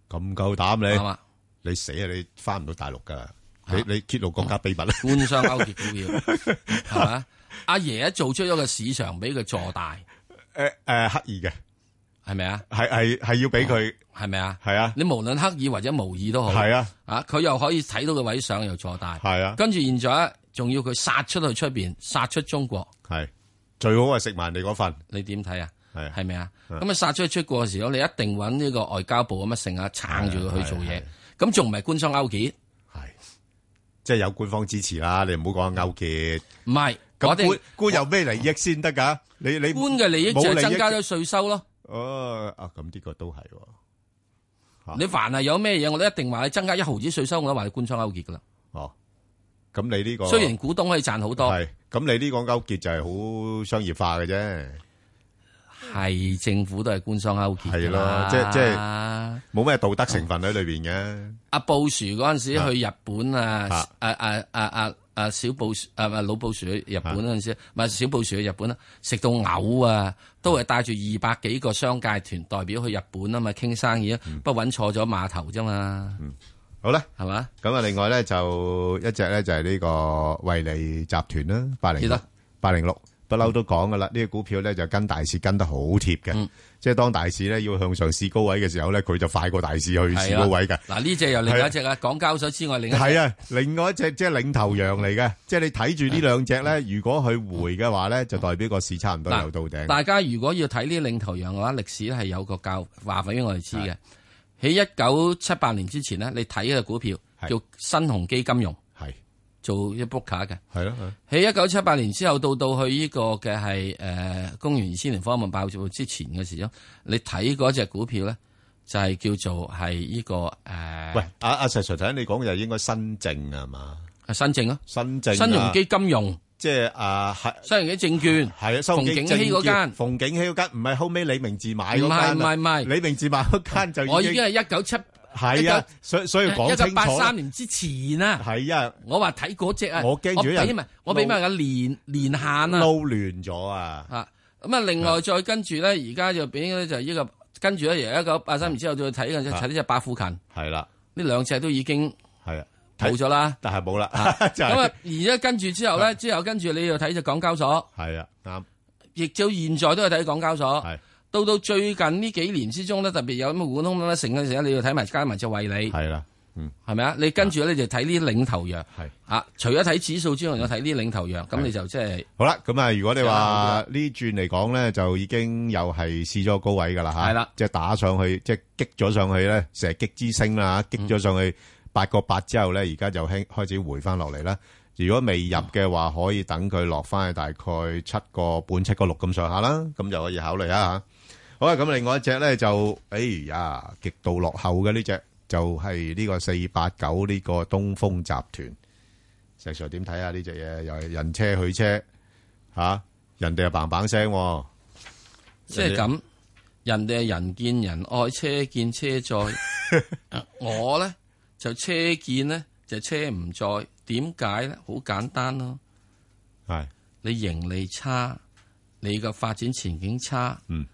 咁夠膽你？係嘛？你死啊！你翻唔到大陸噶，你你揭露國家秘密啦！官商勾結股票，係嘛？阿爺一做出咗個市場，俾佢坐大，誒誒刻意嘅，係咪啊？係係係要俾佢，係咪啊？係啊！你無論刻意或者無意都好，係啊，啊佢又可以睇到個位上又坐大，係啊。跟住現在仲要佢殺出去出邊，殺出中國，係最好係食埋你嗰份。你點睇啊？係係咪啊？咁啊殺出去出國嘅時候，你一定搵呢個外交部咁啊，成日撐住佢去做嘢，咁仲唔係官商勾結？係即係有官方支持啦，你唔好講勾結，唔係。我哋官官有咩利益先得噶？你你官嘅利益就係增加咗稅收咯。哦，啊，咁呢個都係。你凡係有咩嘢，我都一定話你增加一毫子稅收，我都話你官商勾結噶啦。哦，咁你呢個雖然股東可以賺好多，係咁你呢個勾結就係好商業化嘅啫。係政府都係官商勾結。係咯，即係即係冇咩道德成分喺裏邊嘅。阿布殊嗰陣時去日本啊，誒誒誒誒。啊，小布殊唔係老布殊，日本嗰陣時，唔係、啊、小布殊去日本食到嘔啊，都係帶住二百幾個商界團代表去日本啊嘛，傾生意啊，嗯、不過揾錯咗碼頭啫嘛、啊。嗯，好啦，係嘛吧，咁啊，另外咧就一隻咧就係呢個惠理集團啦，八零八零六。不嬲都講噶啦，呢個股票咧就跟大市跟得好貼嘅，嗯、即係當大市咧要向上試高位嘅時候咧，佢就快過大市去試高位嘅。嗱呢隻又另外一隻啊，港交所之外另一隻、啊，另一係啊，另外一隻即係領頭羊嚟嘅，即係、嗯、你睇住呢兩隻咧，嗯、如果佢回嘅話咧，就代表個市差唔多又到頂、嗯。大家如果要睇呢領頭羊嘅話，歷史係有個教話俾我哋知嘅，喺一九七八年之前呢，你睇嘅股票叫新鴻基金融。的做一 book 卡嘅，係咯，喺一九七八年之後，到到去呢個嘅係誒公元二千年科網爆發之前嘅時候，你睇嗰隻股票咧，就係叫做係呢個誒。喂，阿阿 Sir 仔，你講嘅就應該新證啊嘛。啊，新證啊，新證，新鴻基金融，即係啊，係。新鴻基證券，係啊，新鴻基證券。嗰間，馮景禧嗰間，唔係後尾李明治買嗰間，唔係唔係唔係，李明治買嗰間就已經。我已經係一九七。係啊，所所以講清楚，一九八三年之前啊係啊，我話睇嗰隻啊，我驚住一日，唔係我俾埋個年年限啊，撈亂咗啊。吓，咁啊，另外再跟住咧，而家就變咗就依個跟住咧，一九八三年之後再睇呢隻睇呢隻百富勤。係啦，呢兩隻都已經係啊，淘咗啦。但係冇啦。咁啊，而家跟住之後咧，之後跟住你要睇隻港交所。係啊，啱。亦照現在都係睇港交所。到到最近呢幾年之中咧，特別有咁嘅股通咧，成嘅時候你要睇埋加埋隻惠理，係啦，嗯，係咪啊？你跟住咧就睇呢啲領頭羊，係啊，除咗睇指數之外，我睇呢啲領頭羊，咁你就即係好啦。咁啊，如果你話呢轉嚟講咧，就已經又係試咗高位噶啦嚇，係啦，即係打上去，即係擊咗上去咧，成日擊之聲啦嚇，擊咗上去八個八之後咧，而家就輕開始回翻落嚟啦。如果未入嘅話，可以等佢落翻去大概七個半、七個六咁上下啦，咁就可以考慮一下。好啊！咁另外一隻咧就，哎呀，極度落後嘅呢隻就係、是、呢個四八九呢個東風集團。石 Sir 點睇啊？呢隻嘢又係人車去車吓、啊，人哋係棒棒聲，即係咁。人哋係人見人愛，車見車載。 <laughs> 我咧就車見呢，就車唔載，點解咧？好簡單咯、啊，係是你盈利差，你個發展前景差，嗯。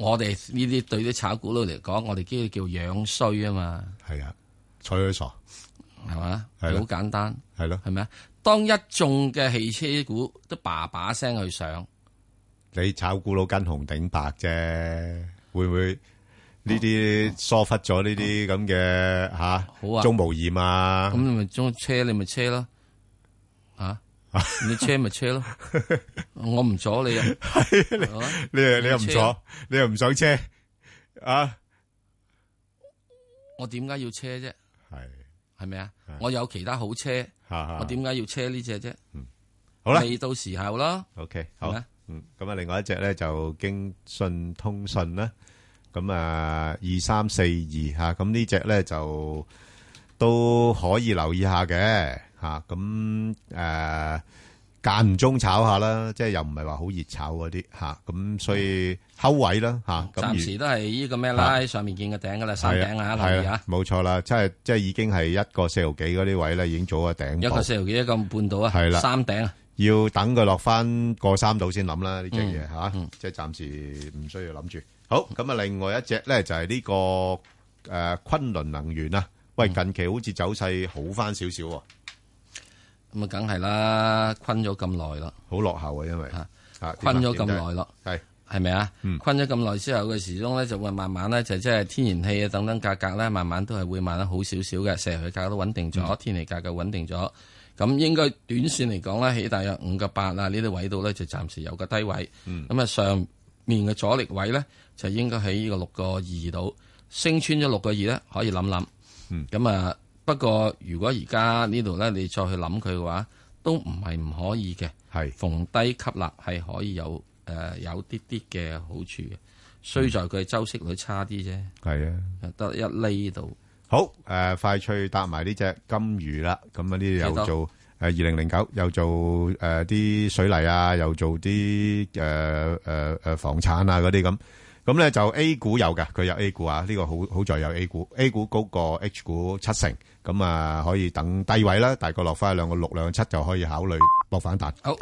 我哋呢啲對啲炒股佬嚟講，我哋叫做叫樣衰啊嘛。係啊，吹佢傻係嘛？好、啊、簡單係咯，係咪啊？當一眾嘅汽車股都叭叭聲去上，你炒股佬跟紅頂白啫，會唔會呢啲疏忽咗呢啲咁嘅嚇？好啊，中模樣啊，咁你咪中車，你咪車咯。你車咪車咯，我唔阻你啊，你你又你又唔阻，你又唔想車啊？我點解要車啫？係係咪啊？我有其他好車，我點解要車呢隻啫？嗯，好啦，未到時候啦。OK，好啦，嗯，咁啊，另外一隻咧就京信通信啦，咁啊二三四二吓，咁呢隻咧就都可以留意下嘅。吓咁誒，間唔中炒下啦，即係又唔係話好熱炒嗰啲吓咁，所以收位啦吓咁。暫時都係呢個咩啦，喺上面見個頂噶啦，山頂啊，留意吓，冇錯啦，即係即係已經係一個四毫幾嗰啲位咧，已經做咗頂一個四毫幾一個半度啊，係啦，山頂啊，要等佢落翻過三度先諗啦呢隻嘢吓，即係暫時唔需要諗住。好咁啊，另外一隻咧就係呢個誒昆崙能源啦，喂，近期好似走勢好翻少少。咁啊，梗係啦，坤咗咁耐喇，好落後啊，因為啊，坤咗咁耐喇，係係咪啊？坤咗咁耐之後，嘅時鐘咧就會慢慢咧、嗯、就即係天然氣啊等等價格咧，慢慢都係會慢得好少少嘅，石油價格都穩定咗，嗯、天然價格格穩定咗，咁應該短線嚟講咧，起大約五個八啊呢啲位度咧就暫時有個低位，咁啊、嗯、上面嘅阻力位咧就應該喺呢個六個二度，升穿咗六個二咧可以諗諗，咁啊。不過如果而家呢度咧，你再去諗佢嘅話，都唔係唔可以嘅。係是逢低吸納係可以有誒、呃、有啲啲嘅好處嘅，嗯、衰在佢嘅周息率差啲啫。係啊的，得一厘度。好誒、呃，快脆搭埋呢隻金魚啦。咁啊，呢度又做誒二零零九，又做誒啲、呃、水泥啊，又做啲誒誒誒房產啊嗰啲咁。咁咧就 A 股有噶，佢有 A 股啊，呢、這個好好在有 A 股，A 股高過 H 股七成。咁啊，可以等低位啦，大概落翻去兩個六、兩個七就可以考慮搏反彈。好。Oh.